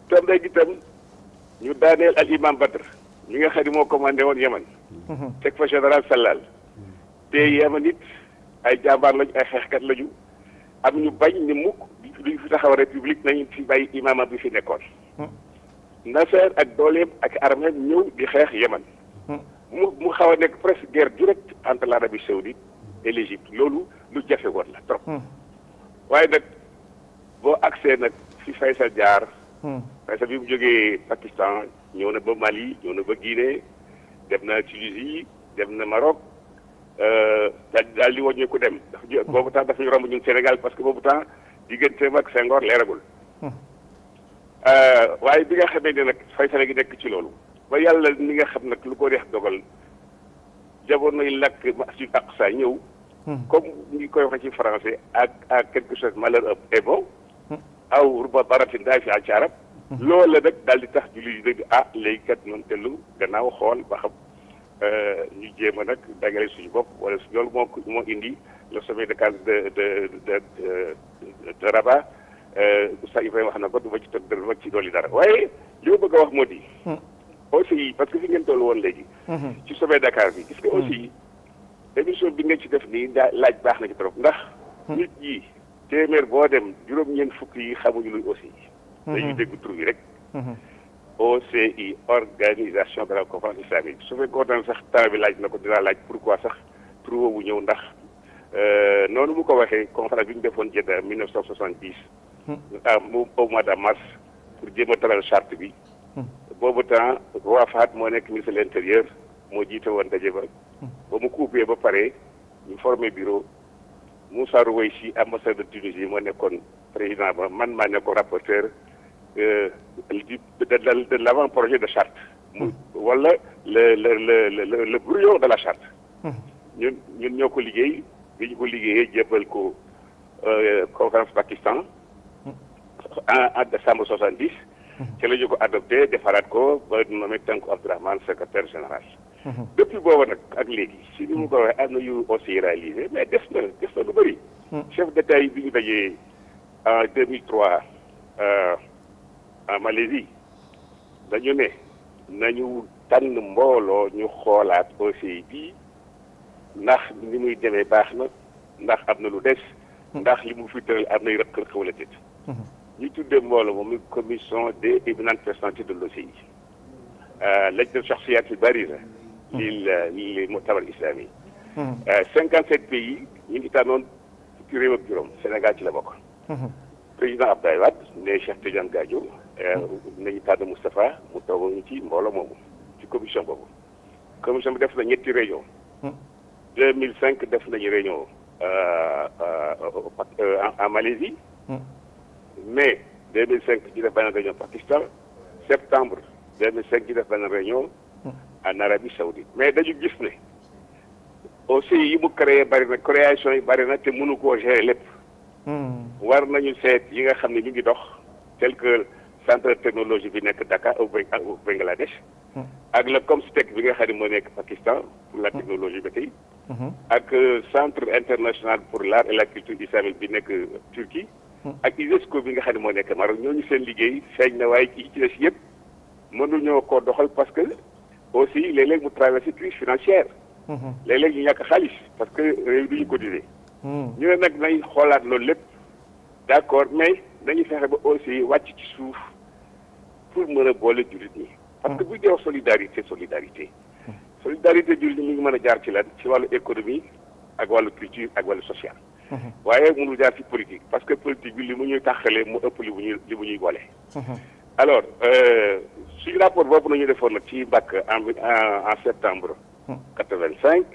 tam day itam ñu daaneel al imam Badr mi nga xam ne moo commandé woon Yemen teg fa général Sallal te Yemen it ay jàmbaar lañu ay xeexkat lañu am ñu bañ ni mukk duñ fi taxaw république nañu fi bàyyi imaama bi fi nekkoon hmm. Nasser ak dooleem ak armée ñëw di xeex Yémen hmm. mu mu xaw a nekk presque guerre directe entre l'Arabie saoudite et l'Égypte loolu lu jafe woon la trop hmm. waaye nag boo agsee nag fi Faysal jaar Faysal bi mu jógee Pakistan ñëw na ba Mali ñëw na ba Guinée dem na Tunisie dem na Maroc Euh, daal daal di wàññeeku dem. dafa boobu temps dafa ñu romb ñun Sénégal parce que boobu temps digganteem ak Senghor leeragul. Hmm. Euh, waaye bi nga xamee ne nag faytale gi nekk ci loolu. ba yàlla mi nga xam nag lu ko deex dogal jamonoy lakk masjid Aqsa ñëw. Hmm. comme ñu koy waxee ci français ak ak quelque chose malheur est bon. Hmm. aw ruba baratin daa fi ci loola nag daal di tax jullit yi ah léegi kat man dellu gannaaw xool ba xam. Euh, ñu jéem nag dangale suñu bopp wala loolu moo moo indi le sommet de Casa de de de de Rabat euh, Oustaz Ibrahima wax na ko du ma ci tëdd ma ci dolli dara waaye li bëgg a wax moo di. Hmm. aussi parce que fi ngeen toll woon léegi. Hmm. ci sommet Dakar bi gis nga aussi hmm. émission bi nga ci def nii laaj baax na ci trop ndax. nit yi téeméer boo dem juróom-ñeent fukk yi xamuñu luy aussi. dañuy dégg tur yi rek. OCI organisation de la conférence islamique su fekkoon sax temps bi laaj na ko dinaa laaj pourquoi sax trouvé bu ñëw ndax euh, noonu mu ko waxee conférence bi ñu defoon Jeddah hmm. 1970. ah mu au mois de mars pour jéem a taral charte bi. Hmm. boobu temps roi Fahad moo nekk ministre de l' moo jiite woon daje ba. Hmm. ba mu coupé ba pare ñu formé bureau Moussa Rouweychi ambassadeur de Tunisie moo nekkoon président ba man maa nekkoon rapporteur. Euh, du de l'avant-projet de charte. mu wala le le le le le de la charte. ñun ñun ñoo ko liggéey bi ñu ko liggéeyee jébbal ko euh, conférence Pakistan. en en décembre soixante dix. ci la ñu ko adopté defaraat ko ba nommé Tanko Abdourahmane secrétaire général. depuis booba nag ak léegi si ni mu ko waxee am na yu aussi réalisé mais def na def na lu bëri. chef d'État yi bi ñu dajee en deux mille trois. Euh, en ah, Malaisie dañu ne nañu tànn mbooloo ñu xoolaat OCI bii ndax ni muy demee baax na ndax am na lu des. Hmm. ndax li mu fi tëral am nay rëq-rëq wala déet. Hmm. ñu tuddee mbooloo moom commission des éminentes personnalités de l'OCI lañ def shakhsiyaat yu bari hmm. la. lii mu mutabar islami ah, cinquante sept pays ñu ngi tànnoon fukki réew ak juróom Sénégal ci la bokk. président Abdoulaye Wade ne Cheikh Tidiane Gadio. Euh, nañu tànn Moustapha mu toogoon ci mbooloo moomu ci commission boobu commission bi def na ñetti réunion 2005 hmm. def nañu réunion euh, euh, en Malaisie hmm. mai 2005 ñu def benn réunion Pakistan septembre 2005 ñu def benn réunion hmm. en Arabie Saoudite mais dañu gis ne aussi yi mu créer bari na création yi bari na te mënu koo gérer lépp war nañu seet yi nga xam ne ñu ngi dox tel que centre technologie bi nekk Dakar au Bangladesh. Hmm. ak comme Comstech bi nga xam ne moo nekk Pakistan pour la hmm. technologie ba tey. Hmm. ak euh, centre international pour l'art et la culture islamique bi nekk euh, Turquie. ak UNESCO bi nga xam ne moo nekk ñoo ñu seen liggéey seen na waaye ci ci des yëpp mënuñoo koo doxal parce que aussi léeg-léeg mu traversé crise financière. léeg-léeg ñu ñàkk xaalis parce que réew du ñu cotiser. ñu ne nag nañ xoolaat loolu lépp d'accord mais nañu fexe ba aussi wàcc ci suuf. pour mën a boole jullit ñi. parce que bu ñu solidarité solidarité. solidarité jullit ñi mu ngi mën a jaar ci lan ci wàllu économie ak wàllu culture ak wàllu social. waaye mënul jaar ci politique parce que politique bi li mu ñuy taxalee mu ëpp li mu ñuy li mu ñuy boole. alors euh, suñu rapport boobu nañu defoon nag ci mbàkk en en septembre. quatre cinq.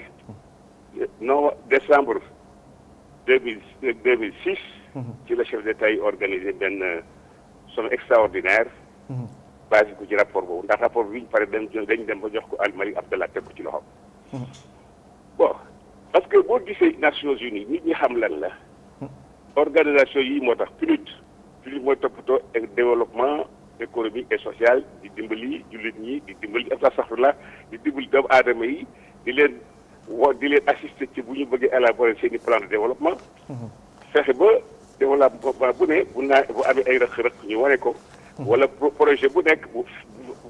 non décembre deux mille six. ci la chef d'État yi organisé benn euh, sommet extraordinaire. basé ko ci rapport boobu ndax rapport bi ñu pare dem dañ dem ba jox ko Almalik Abdallah teg ko ci loxo bon parce que boo gisee Nations Unies nit ñi xam lan la organisation yi moo tax PNUD PNUD mooy toppatoo ak développement économique et sociale di dimbali jullit ñi di dimbali la di dimbali doomu aadama yi di leen wo di leen assister ci bu ñu bëggee élaborer seen i plan de développement mm-hmm. fexe ba développement bu ne bu naa bu amee ay rëq-rëq ñu wane ko wala projet bu nekk bu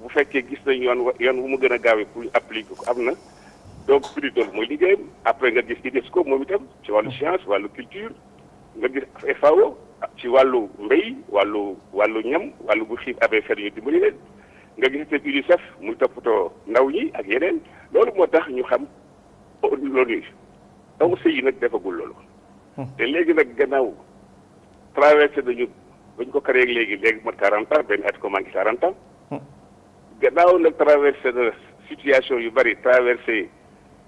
bu fekkee gis nañ yoon wa wu mu gën a gaawee pour appliquer ko am na donc prix dool mooy liggéeyam après nga gis UNESCO moom itam ci wàllu science wàllu culture nga gis FAO ci wàllu mbéy wàllu wàllu ñam wàllu bu xiif abee fer di dimbali leen nga gis itam UNICEF muy toppatoo ndaw ñi ak yeneen loolu moo tax ñu xam loolu donc sëy yi nag defagul loolu hmm. te léegi nag gannaaw traversé nañu bañ ko créé léegi léegi mot 40 ans benn at ko manqué 40 ans. Hmm. gannaaw nag traversé na situation yu bari traversé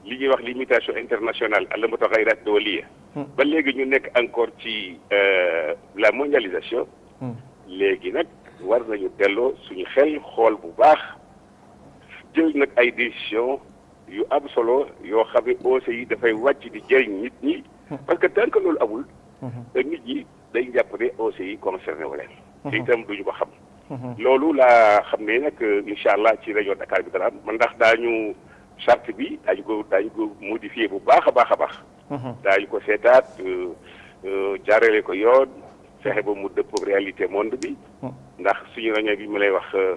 li ñuy wax limitation internationale àlla mu tax ay raaj dawaliya hmm. ba léegi ñu nekk encore ci euh, la mondialisation. Hmm. léegi nag war nañu delloo suñu xel xool bu baax jël nag ay décision yu am solo yoo xam ne OCI yi dafay wàcc di jëriñ nit ñi. parce que tant loolu amul. nit ñi. day jàpp ne OCI yi concerné wu leen. Mhm. te itam ko xam. Mhm. loolu laa xam ne nag incha allah ci région Dakar bi dara am man ndax daañu charte bi daañu ko daañu ko modifié bu baax a baax a baax. Mhm. daañu ko seetaat euh, euh, jaarale ko yoon fexe ba mu dëppoo réalité monde bi. ndax suñu réunion bi mu lay wax euh,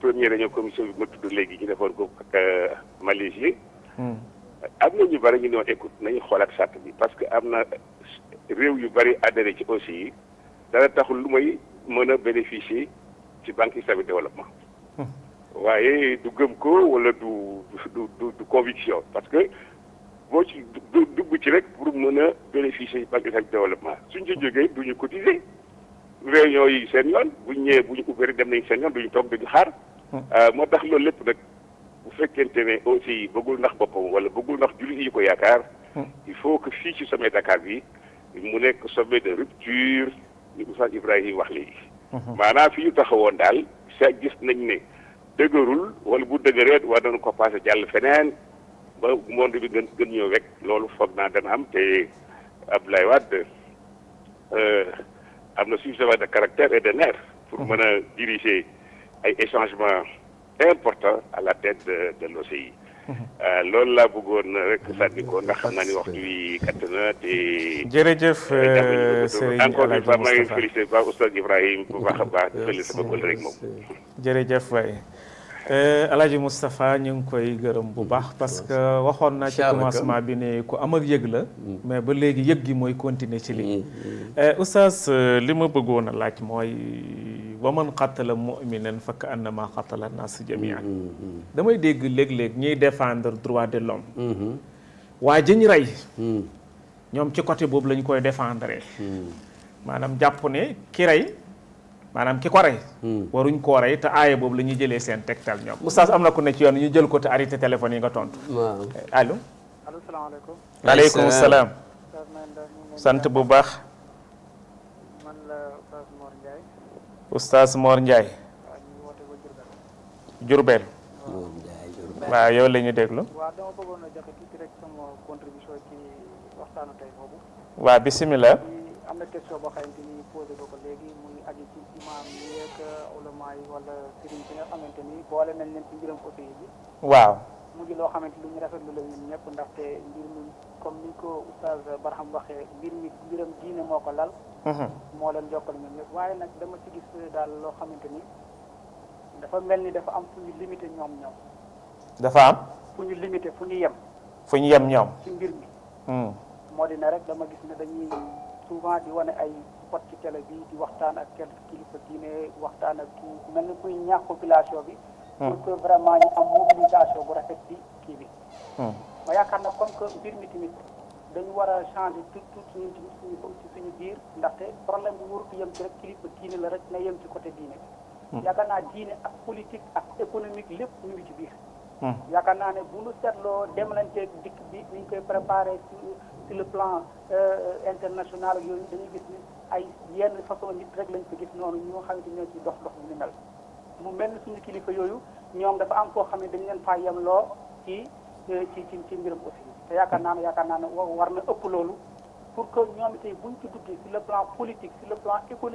première réunion commission bi ma tudd léegi ñu defoon ko ak Malaisie. am na ñu bari ñu ne écoute nañu xoolaat charte bi parce que am na réew yu bëri adhéré ci aussi yi dara taxul lu may mën a bénéficier ci banque islamique développement hmm. waaye du gëm ko wala du du du conviction parce que boo ci dugg ci rek pour mën a bénéficier banque islamique développement suñ ci jógee du ñu cotiser réunion yi seen yoon buñ ñëwee bu ñu ubbi rek dem nañ seen yoon ñu toog duñu xaar hmm. euh, moo tax loolu lépp nag bu fekkente ne aussi bëggul ndax boppam wala bëggul ndax jullit yi ko yaakaar hmm. il faut que fii ci sommet Dakar bi mu nekk sommet de rupture ni Oustaz Ibrahima wax léegi. Mhm. maanaam fi ñu taxawoon daal sa gis nañ ne dëgërul wala bu dëgëreet war nañu ko passé jàll feneen ba monde bi gën gën ñëw rek loolu foog naa dana am te ab Abdoulaye Wade euh, am na suffisamment de caractère et de nerf pour mhm. mën a diriger ay échangement important à la tête de de Euh, loolu laa bëggoon rek sànni ko xam naa ni waxtu wi kat na te. jërëjëf euh, euh, Serigne encore une fois may félicité ba Oustaz Ibrahima bu baax a baax di fële sama rek moom. jërëjëf waay. Eh, Alaaji Moustapha ñu ngi koy gërëm bu baax parce que waxoon naa ci commencement bi ne ku am ak yëg la mm. mais ba léegi yëg yi mooy continuer ci lii mm, mm. Eh, oustaz eh, li ma bëggoon a laaj mooy wa man qatala muminan fa ka annama qatala naas jamian damay dégg léeg-léeg ñuy défendre droit de l'homme mm-hmm. waa jëñ rey ñoom ci côté boobu lañ koy defendre maanaam jàpp ne ki rey maanaam ki ko hmm. waruñ koo te aaya boobu la ñuy jëlee seen tegtal ñoom oustaz am na ku ne ci yoon ñu jël ko te arrêté téléphone yi nga tontu waaw eh, allo allo salaamaaleykum waaleykum salaam sant bu baax man Jurbel waaw yow la ñu déglu waaw wala sëriñ bi nga xamante ni boole leen ci mbiram oto mu loo xamante lu ñu rafetlu la ñun ñëpp ndaxte mbir mi comme ni ko oustaz Barham waxee mbir mi mbiram diine moo ko lal. Mhm. moo leen jokkal ñun ñëpp waaye nag dama ci gis daal loo xamante ni dafa mel ni dafa am fu ñu limité ñoom ñoom. dafa am. fu ñu limité fu ñu yem. fu ñu yem ñoom. ci mbir mi. Hmm. moo di rek dama gis ne dañuy souvent di wane ay. spot ci télé bi di waxtaan ak quelque kilifa diine waxtaan ak kii mel ni kuy ñaax population bi. Hmm. pour que vraiment ñu am mobilisation bu rafet bi kii bi. Hmm. ma yaakaar na comme que mbir mi tamit dañu war a changer tout tout suñu suñu ci biir ndaxte problème bu warut yem ci rek kilifa diine la rek na yem ci côté diine bi. Hmm. yaakaar naa diine ak politique ak économique lépp ñu ngi ci biir. yaakaar naa ne bu ñu seetloo demlanteeg dikk bi ni ñu koy préparé sur sur le plan euh, international yooyu dañuy gis ni ay yenn façon nit rek lañ ko gis noonu ñoo xamante ñoo ci dox dox bu ñu mel mu mel ni suñu kilifa yooyu ñoom dafa am foo xam ne dañ leen faa yemloo ci ci ci ci mbiram aussi te yaakaar naa ne yaakaar naa ne war na ëpp loolu pour que ñoom itay buñ ci duggee sur le plan politique sur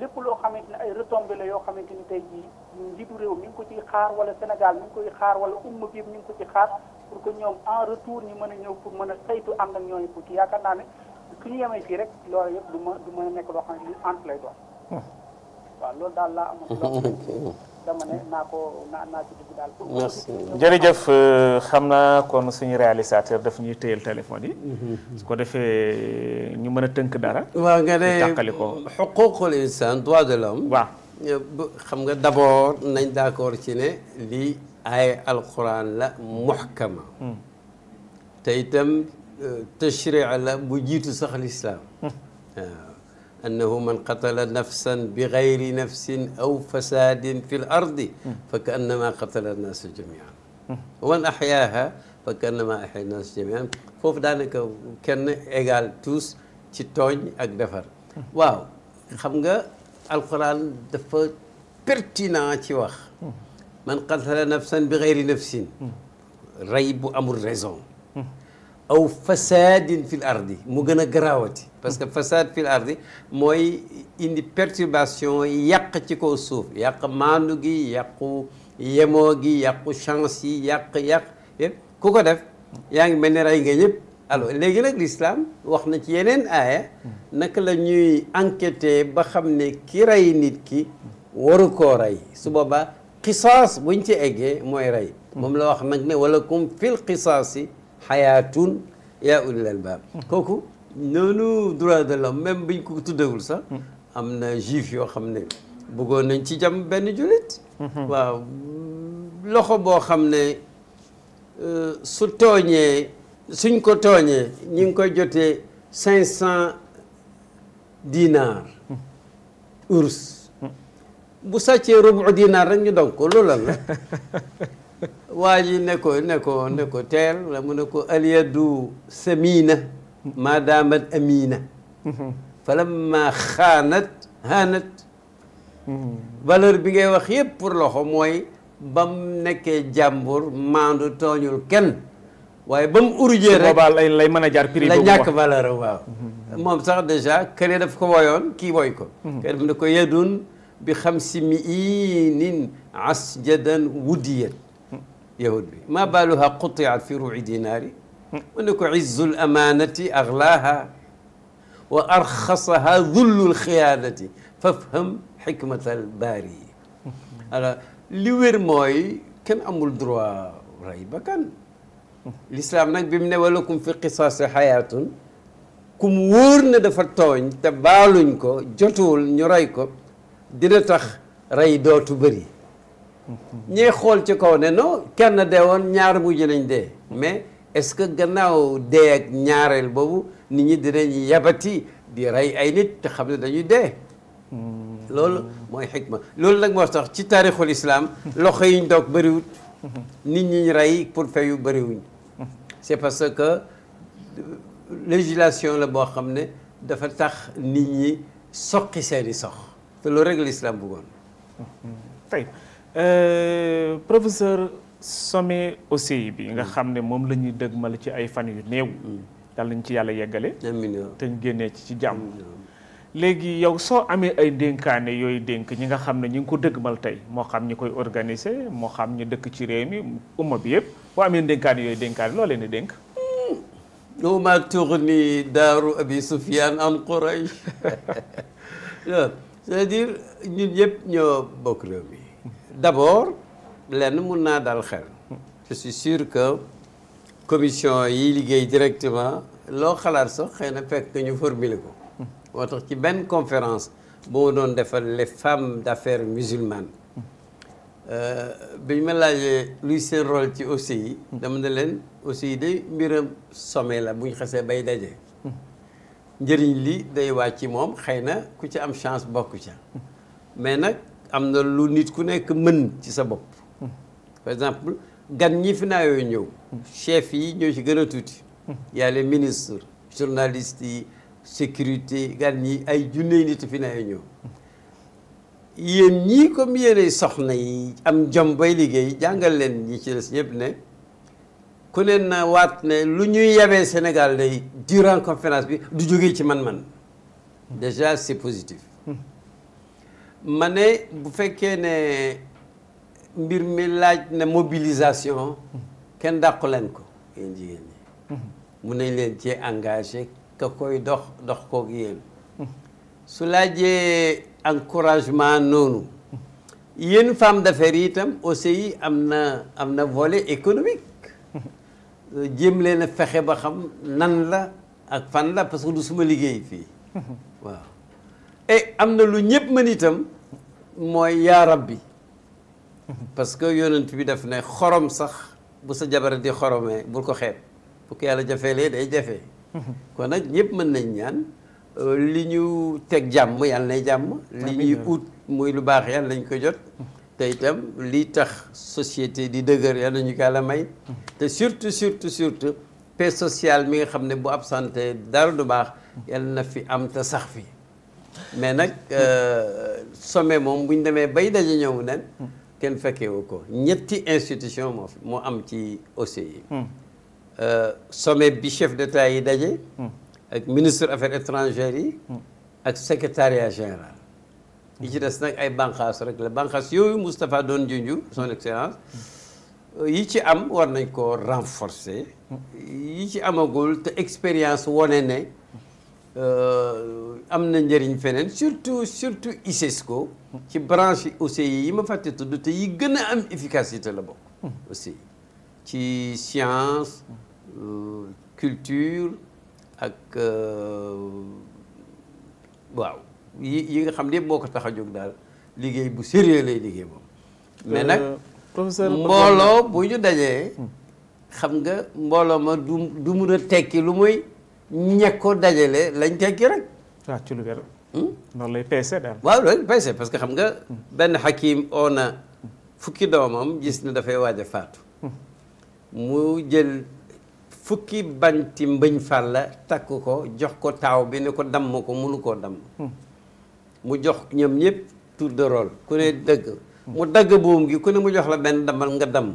lépp loo xamante ne ay retombées la yoo xamante ni tey jii njiitu réew mi ngi ko ci xaar wala Sénégal mi ngi koy xaar wala umma bi mi ngi ko ci xaar pour que ñoom en retour ñu mën a ñëw pour mën a am ànd ak ñooñu pour ci yaakaar naa ne su ñu yemee fii rek loolu yëpp du ma du mën a nekk loo xam ne lu ant lay doon. Hmm. waaw loolu daal laa amul. Hmm. Hmm. dama ne naa ko naa naa ci dugg daal. merci jërëjëf euh, xam naa kon suñu réalisateur daf ñuy téyel téléphone yi. su ko defee ñu mën a tënk dara. waaw nga ne tàqali ko xuquuqul insaan droit de l'homme. waaw xam nga d' abord nañ d' accord ci ne lii ay alquran la muhkama. te itam. tashri'a la bu jiitu sax lislaam waaw hmm. annahu man qatala nafsan bi gayri nafsin aw fasaadin fi l ardi fa ka annama qatala nnaasa jamian hmm. wan axyaaha fa ka annama axya nnaasa jamian foofu daanaka kenn égal tous ci tooñ ak defar hmm. waaw xam nga alquran dafa pertinent ci wax man qatala nafsan bi gayri nafsin rey bu amul raison aw fasadin fil ardi mu gën a garaawati parce que fasad fil ardi mooy indi perturbation yàq ci kaw suuf yàq maandu gi yàqu yemoo gi yàqu chance yi yàq yàq yëpp ku ko def yaa ngi mel ni rey nga ñëpp alors léegi nag l'islam wax na ci yeneen aaya naka la ñuy enquêter ba xam ne ki rey nit ki waru koo rey su boobaa qisaas buñ ci eggee mooy rey moom la wax nag ne wala kum fil qisaas xayaatun yaa ulil albaab kooku noonu droit de l'homme même biñ ko tuddewul sax am na juif yoo xam ne bëggoon nañ ci jam benn jullit waaw loxo boo xam ne euh, su tooñee suñ ko tooñee ñi ngi koy jotee cinq cent dinar urs hmm. bu sàccee rubu dinaar rek ñu donc la waa ji ne ko ne ko ne teel la mu ne ko alyadu samina maadamat amina falamma xaanat haanat valeur bi ngay wax yëpp pour loxo mooy bam mu nekkee jàmbur maandu tooñul kenn waaye ba mu urujee rek lay mën a jaar prix la ñàkk valeur waaw mhm. moom sax dèjà kële daf ko woyoon kii woy ko mhm. kële daf ne ko yedun bi xam si mi inin yahud bi maa baaluha qutiat fi ruuci dinaari mu ne ko izzul amaanati axlaaha wa arxasaha dullul xiyaanati fafham xikmatal baari yi alors li wér mooy kenn amul droit rey bakkan l'islam nag bi mu ne walakum fi qisaasi xayaatun ku mu wóor ne dafa tooñ te baaluñ ko jotuwul ñu rey ko dina tax rey dootu bëri ñee xool ci kaw ne non kenn dee woon ñaar mujj nañ dee mais est-ce que gannaaw dee ak ñaareel boobu nit ñi dinañ yabati di rey ay nit te xam ne dañuy dee hmm. loolu mooy xikma loolu nag moo tax ci taarixul islam loxo yiñ doog bëriwut nit ñi rey pour yu bëriwuñ c'est parce que législation la boo xam ne dafa tax nit ñi soqi seeni sox te loolu rek l'islam bëggoon Euh, professeur sommet OCI bi nga xam ne moom la ñuy dëgmal ci ay fan yu néew. dal nañ ci yàlla yeggale. te ñu génnee ci ci jàmm. léegi yow soo amee ay dénkaane yooyu dénk ñi nga xam ne ñu ngi ko dëgg mal tey moo xam ñi koy organiser moo xam ñu dëkk ci réew mi umma bi yëpp boo amee dénkaane yooyu dénkaane loo leen di dénk. nu hmm. ni tuxni daaru abi Sufyaan an Quraysh c'est-à-dire ñun ñëpp ñoo bokk réew mi. d'abord lenn mun naa dal xel je suis sûr que commission yi liggéey directement loo xalaat sax xëy na fekk ñu formuler ko moo tax ci benn conférence boo doon defal les femmes d'affaires musulmanes euh, bi ñu ma laajee luy seen rôle ci OCI dama ne leen OCI day mbiram sommet la bu ñu xasee bay daje. njëriñ li day wàcc ci moom xëy na ku ci am chance bokk ca mais nag am na lu nit ku nekk mën ci sa bopp par exemple gan ñi fi naayoo ñëw chef yi ñoo ci gën a tuuti hmm. y ministre les ministres sécurité gan ñi ay junney nit fi naayoo ñëw yéen ñi comme yéenay soxna yi am jom bay liggéey jàngal leen ñi ci des ñëpp ne ku ne na waat ne lu ñuy yabee Sénégal day durant conférence bi du jógee ci man-man hmm. déjà c'est positif hmm. ma ne bu fekkee ne mbir mi laaj na mobilisation kenn dàqu ko yéen jigéen ñi mun leen cee engagé ka koy dox dox kook yéen su laajee encouragement noonu yéen femme d'affaires yi itam aussi am na am na volet économique jéem leen a fexe ba xam nan la ak fan la parce que du suma liggéey fii Eh, am na lu ñëpp mën itam mooy yaa bi parce que yonent bi def ne xorom sax bu sa jabar di xoromee bul ko xeeb bu ko yàlla jafeelee day jafee kon nag ñëpp mën nañ ñaan euh, li ñu teg jàmm yàlla nay jàmm li ñuy ut muy lu baax yàlla lañ ko jot te itam lii tax société di dëgër yàlla nañu ko yàlla may te surtout surtout surtout paix sociale mi nga xam ne bu absenté dara du baax yàlla na fi am te sax fi mais nag euh, sommet moom bu demee bay daje ñëw nen hmm. kenn fekkewu ko ñetti institution moo moo am ci OCI yi hmm. euh, sommet bi chef d'état yi daje hmm. ak ministre affaires étrangères yi ak secrétariat général yi ci des nag ay banqaas rek la banqaas yooyu Moustapha doon junju son excellence yi ci am war nañ ko renforcer yi ci amagul te expérience wone ne Euh, am na njëriñ feneen surtout surtout ICESCO ci branche yi OCI yi ma fàtte tudd te yi gën a am efficacité la bokk aussi hmm. ci science euh, culture ak euh, waaw yi yi nga xam ne yëpp moo ko tax a jóg daal liggéey bu sérieux lay liggéey moom mais nag professeur mbooloo bu ñu dajee hmm. xam nga mbooloo ma du du mun a tekki lu muy ñeg ko dajale lañ tekki rek. waaw ci lu wér. Hmm? loolu lay peese parce que xam nga. Hmm. benn xakim oo fukki doomam gis ne dafay waaj a faatu. Hmm. mu jël fukki banti mbëñ fàlla takk ko jox ko taaw bi ne ko damm ko munu koo damm. mu jox ñoom ñëpp tour de rôle ku ne dëgg. mu dagg buum gi ku ne mu jox la benn dammal nga damm.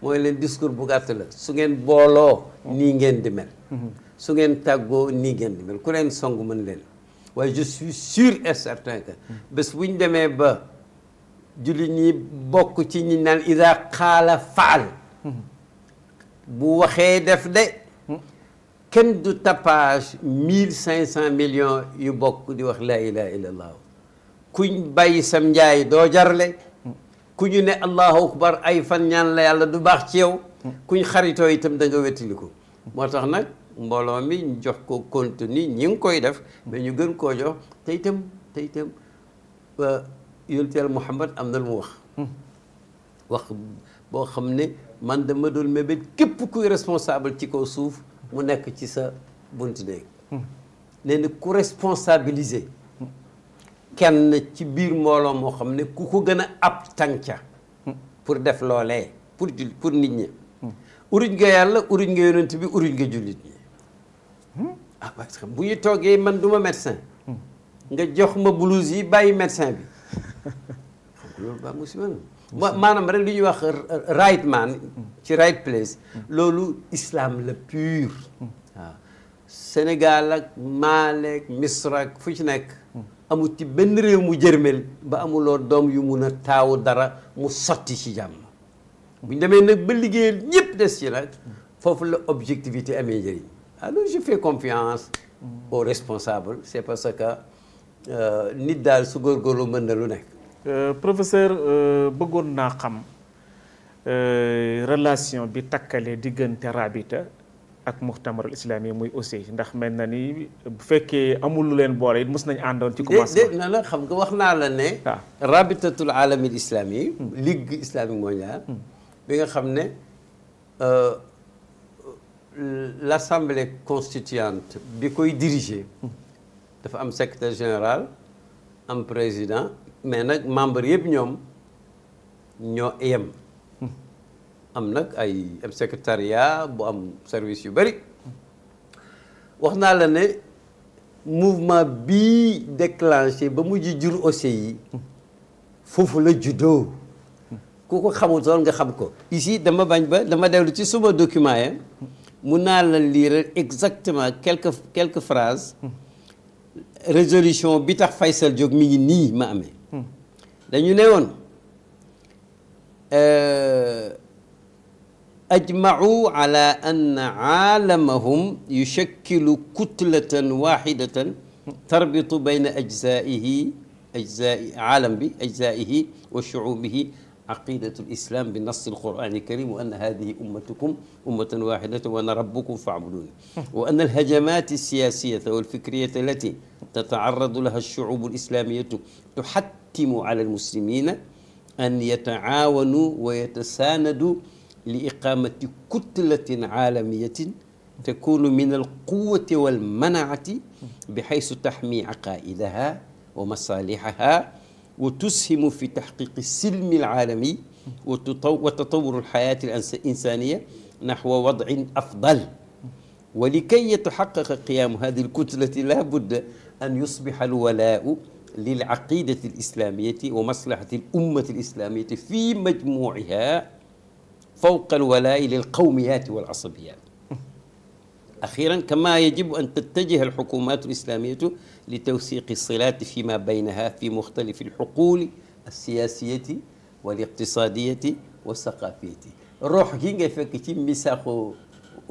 mooy leen discours bu gàtt la su ngeen booloo. nii ngeen di mel. su ngeen tàggoo nii ngeen di mel ku leen song mën leen waaye je suis sûr et certain que bu ñu demee ba jullit ñi bokk ci ñi naan ida xaala faal bu waxee def de kenn du tapage mille cinq cent millions yu bokk di wax laa ilaha illa allaahu kuñ bàyyi sam njaay doo jarle ku ñu ne allahu akbar ay fan ñaan la yàlla du baax ci yow kuñ xaritoo yitam da nga wettiliku moo tax nag mbooloo mi jox ko contenu ñi ngi koy def ma ñu gën koo jox te itam te itam yonent Yàlla Muhammad am na lu mu wax hmm. wax boo xam ne man dama doon mébét képp kuy responsable ci kaw suuf mu nekk ci sa buntu néeg hmm. nee na ku responsabiliser kenn ci biir mbooloo moo xam ne ku ko gën a ab tànca hmm. pour def loolee pour jul pour nit ñi uruj nga yàlla uruj nga yonent bi uruj nga jullit ñi Ah, parce que bu ñu toogee man du ma médecin nga jox ma blouse yi bàyyi médecin bi loolu ba musiba maanaam rek li ñuy wax right man ci right place loolu islaam la pur waaw Sénégal ak Mali ak Misra ak fu ci nekk amul ci benn réew mu jërmel ba amuloo doom yu mun a taawu dara mu sotti ci jàmm bu ñu demee nag ba liggéeyal ñëpp des ci nag foofu la objectivité amee njëriñ alors ah, je fais confiance aux responsables c'est parce que euh, nit daal su góorgóorlu mën na lu nekk. Euh, professeur euh, bëggoon naa xam relation bi takkale diggante Rabita ak muxtamaral islami muy aussi ndax mel na ni bu fekkee amul leen boole it mës nañ àndoon ci commencement. dé na la xam nga wax naa la ne. waaw ah. rabitatul alamil islami. Hmm. ligue islamique mondiale hmm. bi nga xam ne. l'assemblée constituante bi koy diriger dafa am secretaire général am président mais nag membre yëpp ñoom ñoo yem am nag ay am secrétariat bu am service yu bari wax naa la ne mouvement bi déclenché ba mujj jur OCI yi foofu la juddo ku ko xamutoon nga xam ko ici dama bañ ba dama dellu ci suba document ya mun naa la lire exactement quelques quelques phrases résolution bi tax Faysal jóg mi ngi nii ma amee dañu ne woon euh, ajma'u ala anna aalamahum yushakkilu kutlatan waxidatan tarbitu bayna ajzaihi ajzai aalam bi ajzaihi wa shuubihi aqidatul islam bi nas alqurani alkarim wa anna hadihi ummatukum ummatan waxidatan wa ana rabbukum faabuduni wa anna alhajamat alsiyasiyata walfikriyata allati tataaradu laha alshucubu alislamiyatu tuxattimu ala almuslimina an yatacaawanuu wa yatasaanaduu li iqaamati kutlatin caalamiyatin takunu min alquwati walmanaati bi xaysu taxmi caqaidaha wa masalixaha wa tushimu fi taxqiqi silmi alaalami wa tatawur alxayaat alinsaniya naxwa wadcin afdal wa likay yataxaqaqa qiyaamu hadi alkutlati laa budda an yusbixa alwalaau lilcaqidati alislaamiyati wa maslaxati alummati alislaamiyati fi majmuuciha fawqa alwalaai lilqawmiyaati walasabiyaat أخيرا كما يجب أن تتجه الحكومات الإسلامية لتوثيق الصلات فيما بينها في مختلف الحقول السياسية والاقتصادية والثقافية روح gi ngay fekk ci misaaxu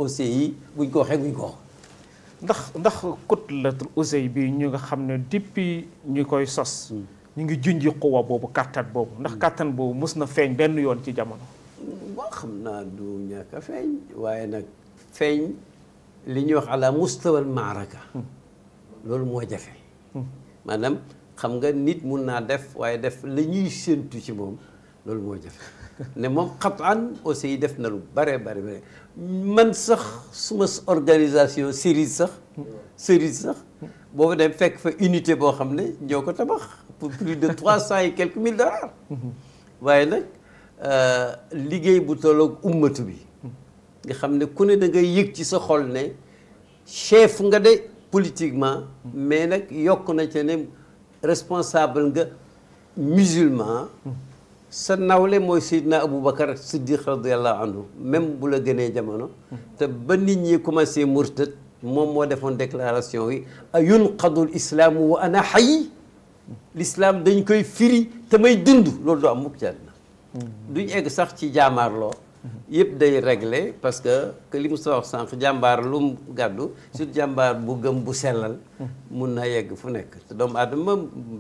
OCI yi buñ ko waxee buñ ko wax ndax ndax kutlatul OCI bi ñu nga xam ne depuis ñu koy sos ñu ngi junji xuwa boobu kàttan boobu ndax mm. kàttan boobu mës na feeñ benn yoon ci jamono waaw xam naa du ñàkk a feeñ waaye nag feeñ li ñuy wax ala mustawal maaraka loolu moo jafe maanaam xam nga nit mun naa def waaye def la ñuy séentu ci moom loolu moo jafe ne moom xataan aussi yi def na lu bare bare bare man sax suma organisation série sax série sax boobu dem fekk fa unité boo xam ne ñoo ko tabax pour plus de trois cent et quelques mille dollars waaye nag euh, liggéey bu tolloog ummatu bi nga xam ne ku ne da ngay yëg ci sa xol ne chef nga de politiquement mais nag yokk na ci ne responsable nga musulman sa nawle mooy Seydina Aboubacar Siddiq radiallahu anhu même bu la gënee jamono te ba nit ñi commencé murtad moom moo defoon déclaration yi yunqadul islaamu wa ana xay l'islam dañ koy firi te may dund loolu du am mukk ci àddina mm. duñ egg sax ci jaamaarloo yëpp day réglé parce que que li sànq jàmbaar lu mu gàddu surtout jàmbaar bu gëm bu sellal mun na yegg fu nekk te doomu aadama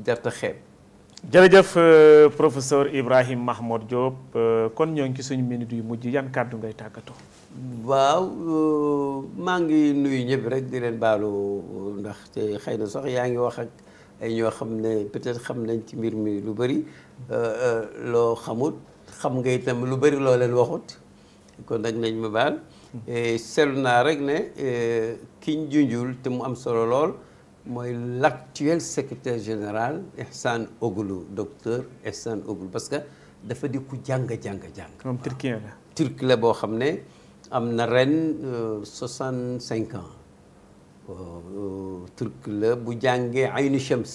jarta xeeb jërëjëf euh, professeur Ibrahim Mahmoud Diop euh, kon ñoo ngi ci suñu minute yu mujj yan kàddu ngay tàggatoo waaw euh, maa ngi nuyu ñëpp rek di leen baalu ndax te xëy na sax yaa ngi wax ak ay ñoo xam ne peut-être xam nañ ci mbir mi lu bëri loo xamut xam nga itam lu bëri loo leen waxut kon nag nañ ma baal eh, seetlu naa rek ne eh, kiñ junjul te mu am solo lool mooy l'actuel secretaire général Ihsan Oglu docteur Ihsan Oglu parce que dafa di ku jàng jàng jàng. moom turquien boo xam ne am na ren euh, soixante cinq ans oh, euh, turc bu jàngee Aynu Shams.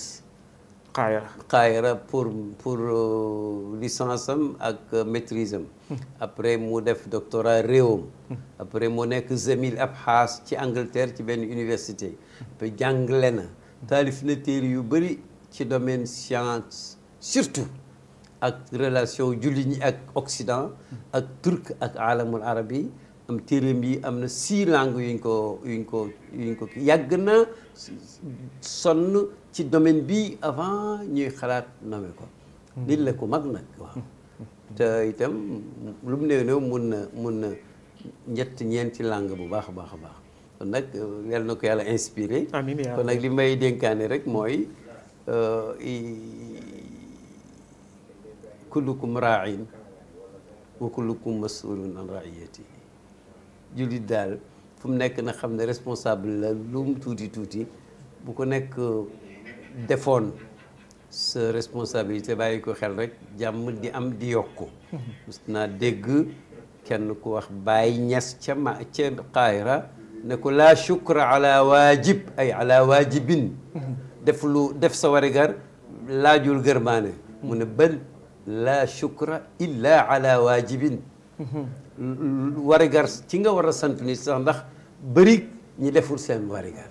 xaayara xaayara pour pour euh, licence am ak maîtrise am après mu def doctorat réewam après mu nekk ab xaas ci Angleterre ci benn université ba jàngale na taalif na téere yu bëri ci domaine science surtout ak relation jullit ñi ak Occident ak turc ak alamul arabi am téereem yi am na six langues yuñ ko yuñ ko yuñ ko sonn ci domaine bi avant ñuy xalaat nommé ko hmm. nit la ku mag nag waaw hmm. te itam lu mu néew néew mun na mun na ñett ñeenti langue bu baax a baax a baax kon nag euh, yal na ko yàlla inspiré kon nag li may dénkaane rek mooy euh, kullukum raain wa kullukum masulun an raiyatihi jullit daal fu mu nekk na xam ne responsable la lu mu tuuti tuuti bu ko nekk defoon sa responsabilité bàyyi ko xel rek jàmm di am di yokku mus naa dégg kenn ku wax Baay Ñas ca ma ca Qaahira ne ko laa shukra ala waajib ay ala waajibin def lu def sa warigar laajul gërmaane mu ne bal laa shukra illa ala waajibin warigar ci nga war a sant nit sax ndax bëri ñi deful seen warigar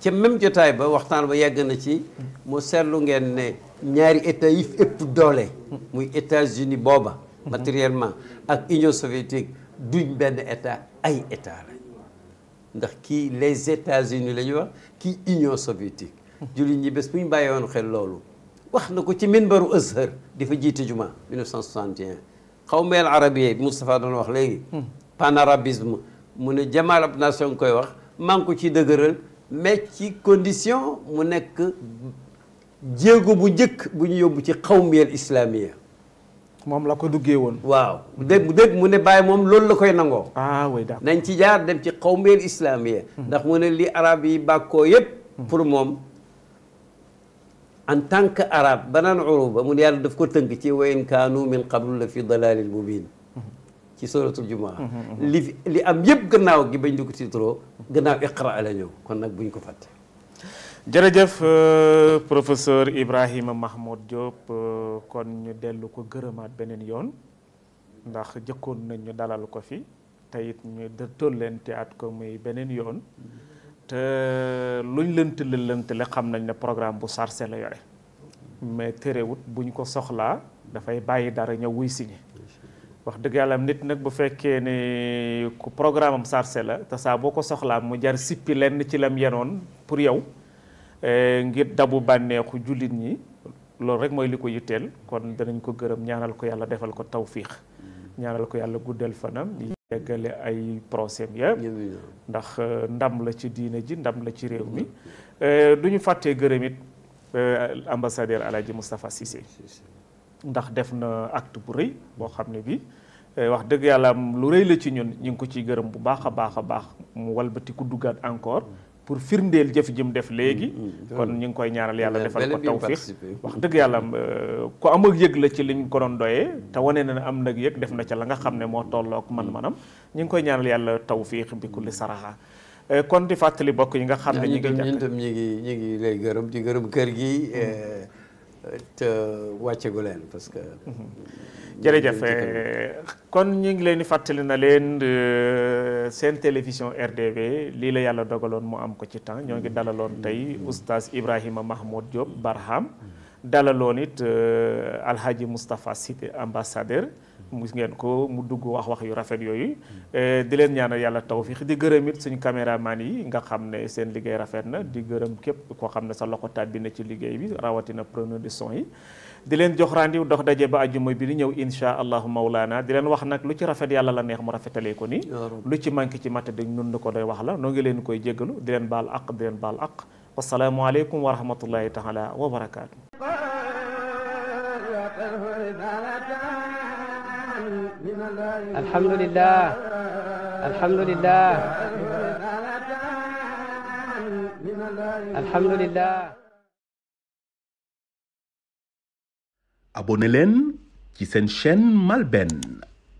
ca même jotaay ba waxtaan ba yàgg na ci mu seetlu ngeen ne ñaari état yi ëpp doole muy États-Unis booba matériellement ak Union soviétique duñ benn état ay état la ndax kii les États-Unis la ñuy wax kii Union soviétique jullit ñi bés bu ñu bàyyee woon xel loolu wax na ko ci minbaru Azhar di fa jiite juma 1961 xaw meel arabiya bi Moustapha doon wax léegi hmm. panarabisme mu ne jamaal ab nation koy wax maa ngi ko ciy dëgëral mais ci condition mu nekk jéego bu njëkk bu ñu yóbbu ci xawmiyal islamiya moom la ko duggee woon. waaw dégg dégg mu ne bàyyi moom loolu la koy nangoo. ah oui d'accord nañ ci jaar dem ci xawmiyal islamiya hmm. ndax mu ne li arab yi bàkkoo yépp hmm. pour moom en tant que arabe banaan uruba mu ne yàlla daf ko tënk ci wa in kaanu min qablu la fi dalalin mubin ci suratul jumaa mm-hmm, mm-hmm. li li am yëpp gannaaw gi bañ dugg tiitaroo gannaaw iqra la ñëw kon nag bu ñu ko fàtte jërëjëf euh, professeur Ibrahima Mahmoud Diop euh, kon ñu dellu ko gërëmaat beneen yoon ndax jëkkoon nañ ñu dalal ko fi te it ñu tólleente at ko muy beneen yoon te luñ lëntale lëntale xam nañ ne programme bu sarse la yore mais terewut buñ ko soxlaa dafay bàyyi dara ñëw wuy si ñi wax dëgg yàlla nit nag bu fekkee ne ku programme am la te boo ko soxlaa mu jar sippi lenn ci lam yenoon pour yow eh, ngir dabu bànneexu jullit ñi loolu rek mooy li ko yitteel kon danañ ko gërëm ñaanal ko yàlla defal ko tawfiix ñaanal ko yàlla guddal fanam yeggale ay procès yëpp ndax eh, ndam la ci diine ji ndam la ci réew mi eh, du ñu fàttee gërëm it ambassadeur Alaaji Moustapha Cissé ndax def na acte bu rëy boo xam ne bi eh, wax dëgg yàlla lu rëy la ci ñun ñu ngi ko ciy gërëm bu baax a baax a baax mu walbati ku duggaat encore pour firndeel jëf jëm def léegi mm, mm, kon mm. ñu ngi koy ñaaral yàlla defal ko tawfiix wax dëgg yàlla eh, ku am yëg la ci liñ ko doon doyee te wane na ne am nag yëg def na ci la nga xam ne moo tollook man-manam ñu ngi koy ñaaral yàlla tawfiix bi kulli saraxa eh, kon di fàttali bokk yi nga xam ne ñu ngi jàpp ngi ñu ngi gërëm di gërëm kër gi te wàccegu leen parce que. Mhm. jërëjëf eh, kon ñu ngi leen di fàttali na leen eh, seen télévision RDV lii la yàlla dogaloon mu am ko ci temps ñoo ngi dalaloon tey oustaz Ibrahima Mahmoud Diop Barham mhm. dalaloon it eh, Alhaji Moustapha Cissé ambassadeur. mu mus ngeen ko mu dugg wax-wax yu rafet yooyu eh, di leen ñaana yàlla tawfiix di gërëm it suñu maan yi nga xam ne seen liggéey rafet na di gërëm képp koo xam ne sa loxo tàbbi na ci liggéey bi rawatina preneur de son yi di leen jox ràndiw dox daje ba ajuma bi di ñëw insha allahu maulana di leen wax nag lu ci rafet yàlla la neex mu rafetalee ko ni lu ci manqué ci matta dañ nun ko doy wax la noo ngi leen koy jéggalu di leen baal aq di leen baal aq wasalaamualeykum wa rahmatullahi taala wa barakaatu alhamdulillah alhamdulillah alhamdulillah abonné leen ci seen chen MALBN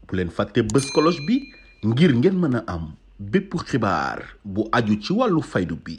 bu leen fàtte bës kolos bi ngir ngeen mën a am bépp xibaar bu aju ci wàllu faydu bi